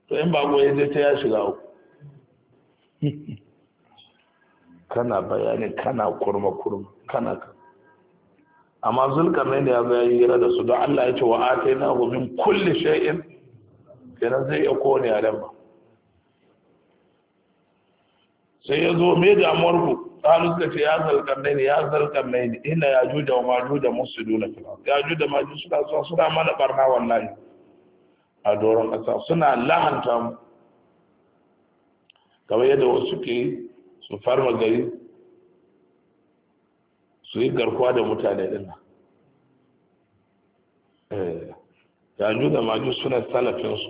Speaker 1: to in ba goyi zai ta ya shiga uku kana bayani kana kurma kurma kana amma zulkarnain da ya zo ya yi hira da su don Allah ya ce wa na min kulle sha'in kenan zai iya kowane yaren ba sai ya zo me damuwar ku qalu suka ce ya ne ya ne ina ya juda wa da musiduna fil ard ya juda maju suna suna mana barna wannan a doron ƙasa suna lahanta mu kamar yadda wasu ke su farma gari su yi garkuwa da mutane din eh, Yanzu da maju suna salafinsu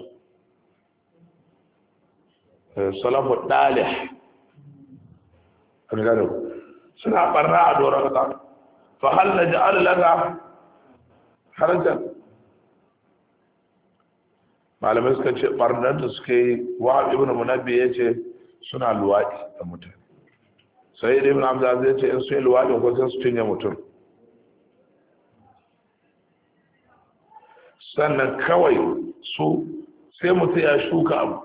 Speaker 1: eh, salafu dalih an gane suna barna a doron ƙasa fa hal na ja'al laka harajan malamai suka ce barnar da suka yi wa ibn munabbi ya ce suna luwaɗi da mutum sai da ibn amza zai ce in sun yi luwaɗi ko sai su cinye mutum sannan kawai su sai mutum ya shuka abu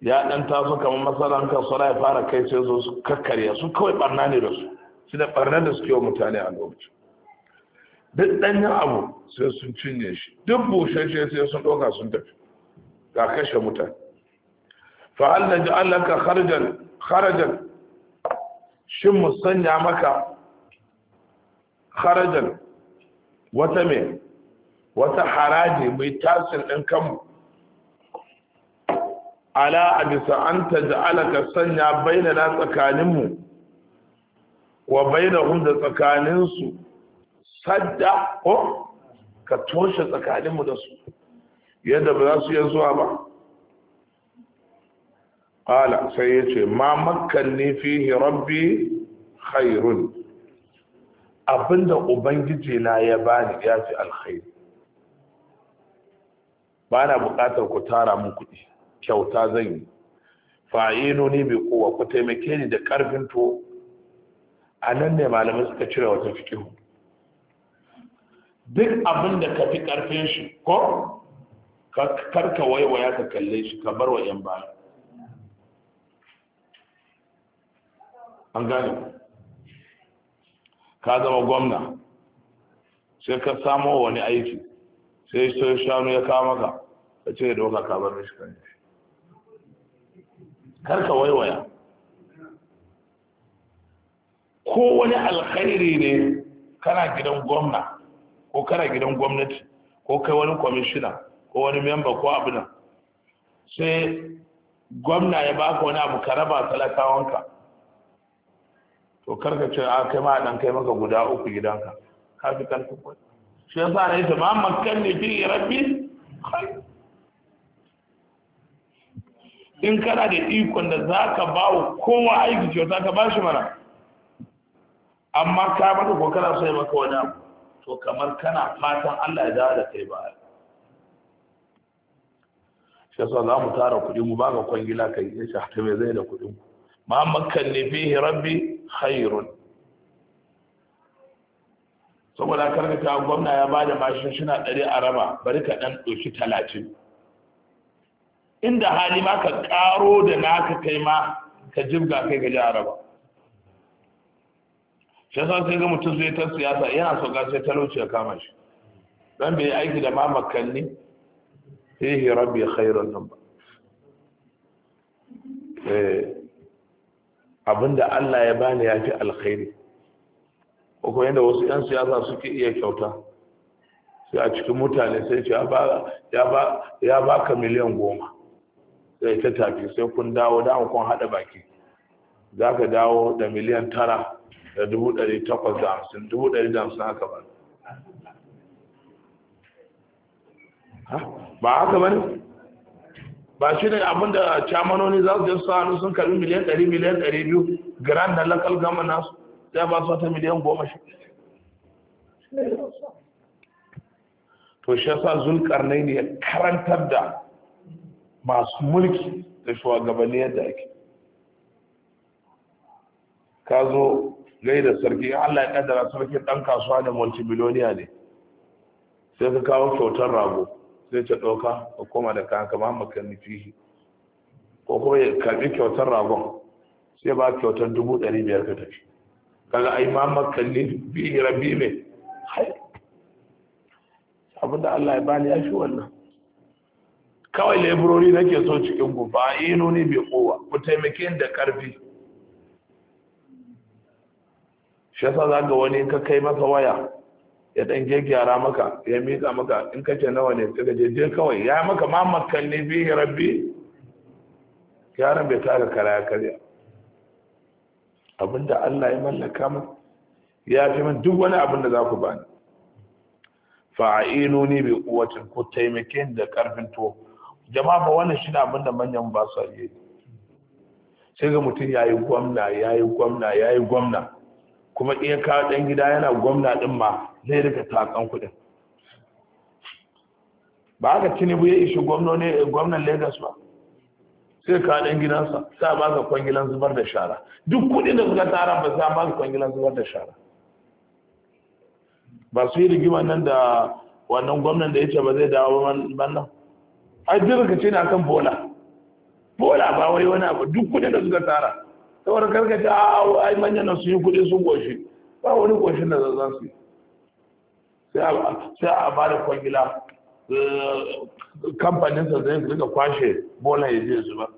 Speaker 1: ya ɗan taso kamar matsalan kasuwa ya fara kai sai zo su kakkarya su kawai barna ne da su su da barna da suke wa mutane a lokacin duk ɗanyen abu sai sun cinye shi duk bushe sai sun ɗoka sun tafi ga kashe mutane to Allah ji Allah ka shin mu sanya maka harajan wata me wata haraji mai tasir ɗin kanmu ala bisa an taj'ala ka sanya bainana tsakaninmu wa bainahum da tsakaninsu sadda ko ka toshe tsakaninmu da su yadda ba za su iya zuwa ba qala sai yace ma ni fihi rabbi khairun abinda ubangiji na ya bani ya fi alkhairi ba na bukatar ku tara mun kuɗi kyauta zan yi fa'inu ni bi kowa ku taimake ni da ƙarfin to a nan ne malamai suka cire wata fikihu duk abinda da ka fi ƙarfin shi ko karka waiwaya ka kalle shi ka bar wa 'yan baya an gane ka zama gwamna sai ka samo wani aiki sai sai shanu ya kama ka ka ce da waka kabar mishi kan kar ka waiwaya ko wani alkhairi ne kana gidan gwamna ko kana gidan gwamnati ko kai wani kwamishina ko wani memba ko abu nan sai gwamna ya baka wani abu ka raba talakawanka to karka ce a kai ma dan kai maka guda uku gidanka ka fi karfi kwai shi yasa yi ta mamman kan ne fi rabbi kai in kana da ikon da za ka ba wa kowa aiki za ka ba shi mana amma ka maka ko kana so maka wani abu to kamar kana fatan Allah ya dawo da kai ba shi yasa za mu tara kuɗin mu baka kwangila kai ya shahta me zai da kuɗin ku ma makkan ne fi rabbi khairun saboda ta gwamna ya bada mashin shina ɗari a raba bari ka ɗan ɗauki talatin inda hali ma ka karo da naka kai ma ka jibga kai gaji a raba shi yasa sai ga mutum zai ta siyasa yana so ga sai talauci ya kama shi dan bai aiki da ma makanni fihi rabbi khairun nan ba eh. abinda Allah ya bani ya fi alkhairi ko yadda wasu 'yan siyasa suke iya kyauta sai a cikin mutane sai ce ya ba ka miliyan goma sai ta tafi sai kun dawo da kun haɗa baki za ka dawo da miliyan tara da dubu ɗari takwas da hamsin dubu ɗari da hamsin haka ba ba haka ba ne ba shi ne abin da camanoni za su je su hannu sun karbi miliyan ɗari miliyan ɗari biyu grand da lakal gama nasu ya ba su wata miliyan goma shi to shi yasa zulkarnai ne ya karantar da masu mulki da shugabanni yadda ake ka zo da sarki Allah ya kaddara sarki dan kasuwa ne multimiliyoniya ne sai ka kawo kyautar rago sai ce ɗauka ka koma da kayan kama makanni fihi ko kuma ya karbi kyautar ragon sai ba kyautar dubu ɗari biyar ka tafi kaga ai ma makanni fihi rabi ne abinda Allah ya bani ya fi wannan kawai na nake so cikin ku ba inu ne bai kowa ku taimake da karfi shi yasa za ga wani ka kai masa waya ya dan gyara maka ya miƙa maka in kace nawa ne kaga je je kawai ya maka ma makalli bi rabbi yaron bai taka kara ya karya abinda Allah ya mallaka min ya fi min duk wani abin da za ku bani fa'inuni bi quwwatin ku taimake ni da karfin to jama'a ba wannan shine abin da manyan ba su yi sai ga mutum yayi gwamna yayi gwamna yayi gwamna kuma iya kawo ɗan gida yana gwamna ɗin ma zai rika takan kuɗin ba haka tinubu ya ishi gwamnan lagos ba sai ka ɗan gidansa sa ba ka kwangilan zubar da shara duk kuɗin da suka tara ba sa ba ka kwangilan zubar da shara ba su yi rigima nan da wannan gwamnan da ya ce ba zai dawo ban nan ai dirka ce na kan bola bola ba wai wani abu duk kuɗin da suka tara saboda karkata a yi manyan na sun yi kudi sun goshi ba wani goshin da za su yi sai a ba da kwangila eh, kamfanin sa zai rika kwashe bola ya je su ba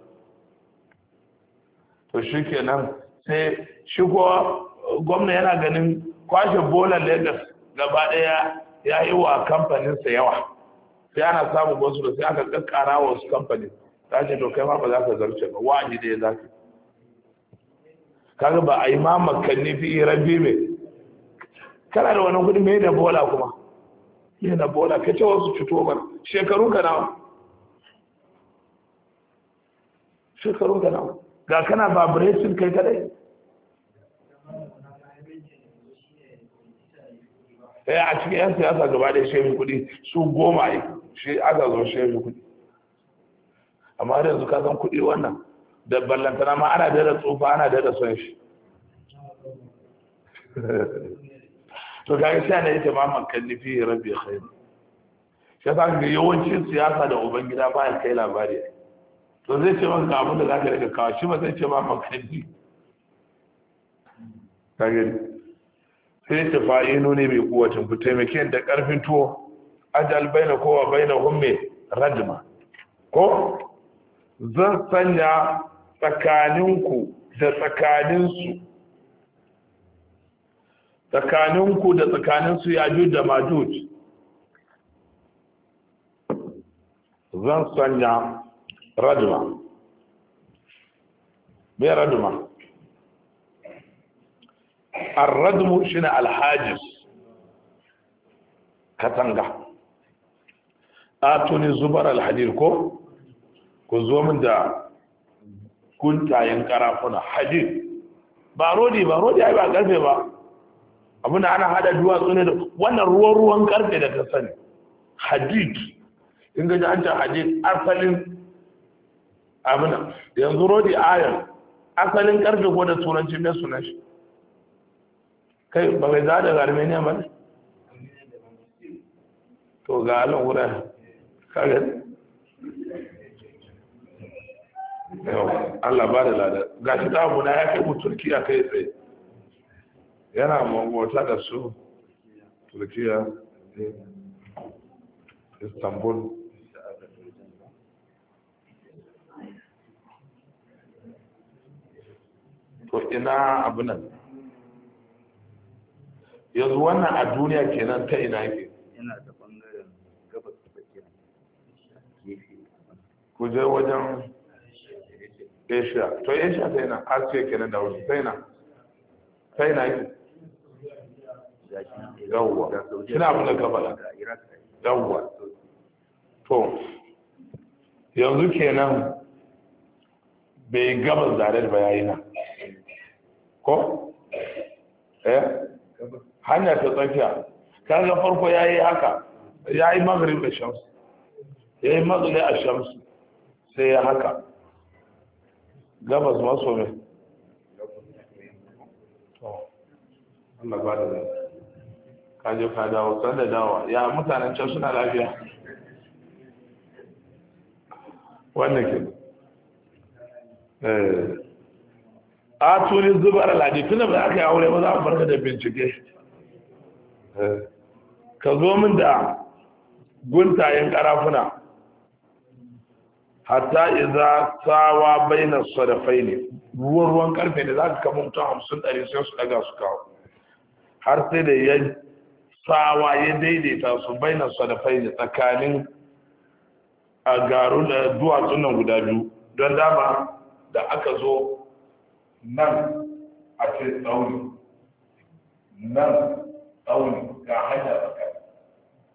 Speaker 1: to shi kenan sai shi kuwa eh, gwamna yana ganin kwashe bola lagos gaba daya ya yi wa kamfaninsa yawa sai ana samun wasu da sai aka kakkara wasu kamfanin ta ce to kai ma ba za ka zarce ba wa'adi da ya zafi kaga ba a yi mamakan ne fi rabbi mai kana da wani kudi mai da bola kuma mai da bola ka ce wasu cuto ba, shekaru ka nawa shekaru ka nawa ga kana vibration kai kadai ɗaya eh, a cikin 'yan siyasa gaba ɗaya shemin kuɗi su goma yi shi aka zo shemin kuɗi amma yanzu ka san kuɗi wannan da ballantana ma ana da tsufa ana da son shi to ga sai ne ita ma man kallifi rabbi khair shi ta ga yawancin siyasa da ubangida ba ya kai labari to zai ce ga abin da zaka daga kawo shi ba zai ce ma man ta ga sai ta fa'inu ne mai kuwacin ku taimake da karfin tuwo ajal baina kowa baina humme radma ko zan sanya tsakaninku da tsakaninsu tsakaninku da tsakaninsu yaju da majuj zan sanya raduma me raduma shi ne alhajis katanga tuni zubar alhadir ko ku zo min da guntayen karafuna hadid ba rodi ba rodi ai ba karfe ba abinda ana hada duwatsu ne da wannan ruwan ruwan karfe da ta sani hadid in gaji an ta hadid asalin abin yanzu rodi ayon asalin karfe ko da turanci mai suna shi kai ba mai zada daga armenia ba ne to ga alin wurin kagani Allah ba da lada ga shi damu na ya kai mu turkiya kai tsaye yana mawata da su turkiya eh, istanbul to ina abu nan yanzu wannan a duniya kenan ta ina ke yana da gabas tsakiya wajen asia to asia ta yana asia kenan da wasu ta yana ta yana yi yawwa suna abin da gabala yawwa to yanzu kenan bai gabas da arewa ya yi nan ko? eh hanya ta tsakiya kaga farko ya yi haka ya yi magrib da shamsu ya yi magrib a shamsu sai ya haka gabas maso mai Allah ba ka dawo san da dawa ya mutanen can suna lafiya wannan ke eh. a tuni zubar aladi tun da ba aka yi aure ba za a farka da bincike eh. ka zo min da guntayen karafuna hatta idza sawa baina sadafaini ruwan ruwan karfe da zaka kama mutum hamsin ɗari sai su daga su kawo har sai da ya sawa ya daidaita su baina sadafaini tsakanin a garu da duwatsun nan guda biyu don dama da aka zo nan a ce tsauni nan tsauni ga hanya tsakani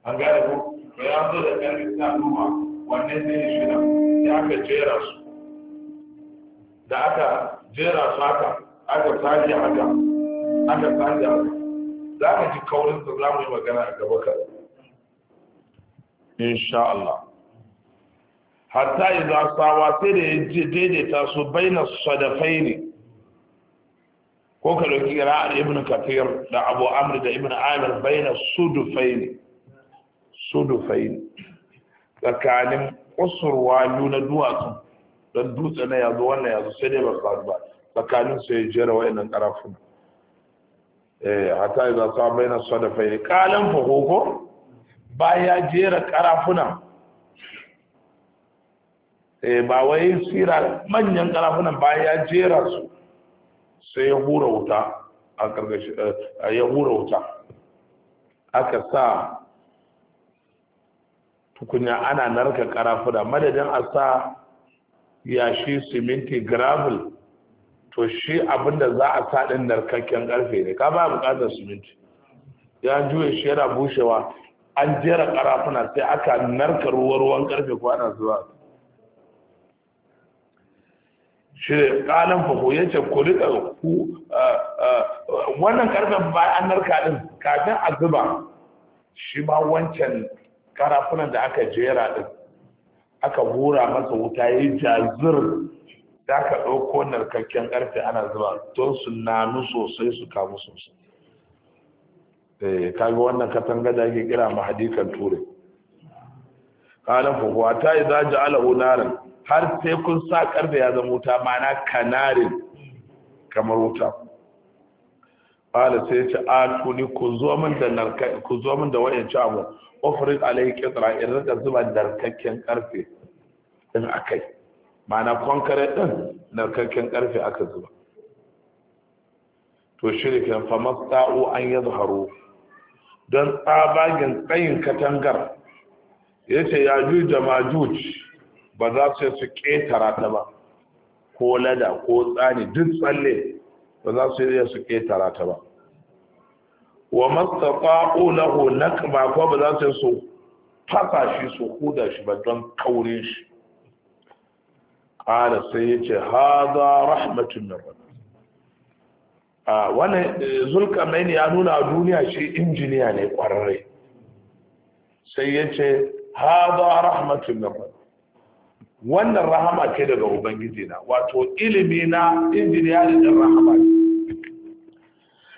Speaker 1: an gane ko ya zo da ƙarfi na noma wannan ne shida ya aka jera su da aka jera su haka aka sake haka aka sake haka za ka ji kaurin da za mu yi magana a gaba ka insha Allah hatta idza sawa sai da yaje daidaita su baina ne. ko ka dauki qira'ar ibn kafir da abu amr da ibn amir baina sudufaini ne. tsakanin kusurwa na duwatsu don dutse na yazo wannan yazo sai dai ba su ba tsakanin su ya jera wa'annan karafuna eh hata iza sa baina ne kalan fahoko Ba ya jera karafuna eh ba wai sira manyan karafunan ya jera su sai ya hura wuta a karkashin eh, ya hura wuta aka sa tukunya ana narka karafuna madadin a sa yashi siminti gravel to shi abinda za a sa din narkakken karfe ne ka ba bukatar siminti ya juye shi yana bushewa an jera karafuna sai aka narka ruwa-ruwan karfe ko ana zuwa shi da kalan fuku ya ce ku rika ku wannan karfen baya an narka din kafin a zuba shi ma wancan karafunan da aka jera din aka hura masa wuta ya yi jazir da aka ɗauko narkakken ƙarfe ana zuba don su nanu sosai su kamu sosai eh kaga wannan katanga da ake kira Hadikan ture qala fa huwa ta idza ja'alahu naran har sai kun sa ƙarfe ya zama wuta ma'ana kanarin kamar wuta qala sai ce a tuni ku zo min da narka ku zo min da wayan ci abu ofrid alai qitra in rika zuba narkakken karfe din akai mana konkare din narkakken karfe aka zuba to shirikan fa masta'u an yadhharu dan tsabagin tsayin katangar ya ce ya ju da majuj ba za su su ƙetara ta ba ko lada ko tsani duk tsalle ba za su yi su ƙetara ta ba wa mastata'u lahu nakba ko ba za su so fasa shi su huda shi ba don kaure shi qala sai yace hada rahmatun min rabbik a wannan eh, zulkarnaini ya nuna a duniya shi injiniya ne kwararre sai yace hada rahmatun min rabbik wannan rahama ce daga ubangiji na wato ilimi na injiniya ne rahama ne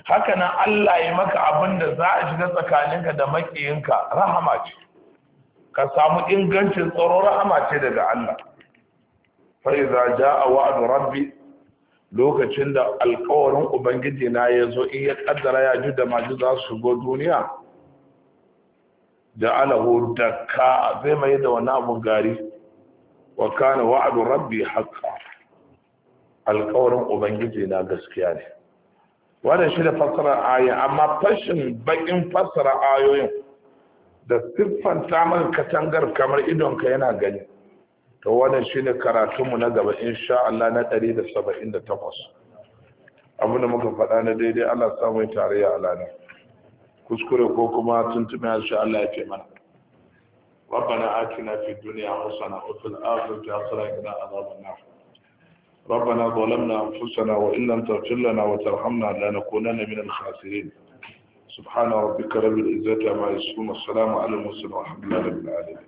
Speaker 1: haka nan Allah ya maka abin da za a shiga tsakaninka da makiyinka rahama ce ka samu ingancin tsoro rahama ce daga Allah fa a jaa wa'du rabbi lokacin da alƙawarin ubangiji na ya zo in ya kaddara ya ji da maji za su go duniya Da da dakka zai mai da wani abu gari wa kana wa'du rabbi haqqan alƙawarin ubangiji na gaskiya ne wannan shi da fassara ayoyin, amma fashin bakin fassara ayoyin da siffanta maka katangar kamar idonka yana gani to wannan shi ne karatunmu na gaba insha Allah na 178 abinda muka faɗa na daidai Allah samu tarayya alana kuskure ko kuma tuntuna insha Allah ya ce mana ربنا آتنا في الدنيا حسنة وفي الآخرة حسنة وقنا عذاب النار ربنا ظلمنا أنفسنا وإن لم تغفر لنا وترحمنا لنكونن من الخاسرين سبحان ربك رب العزة عما يصفون والسلام على المرسلين والحمد لله رب العالمين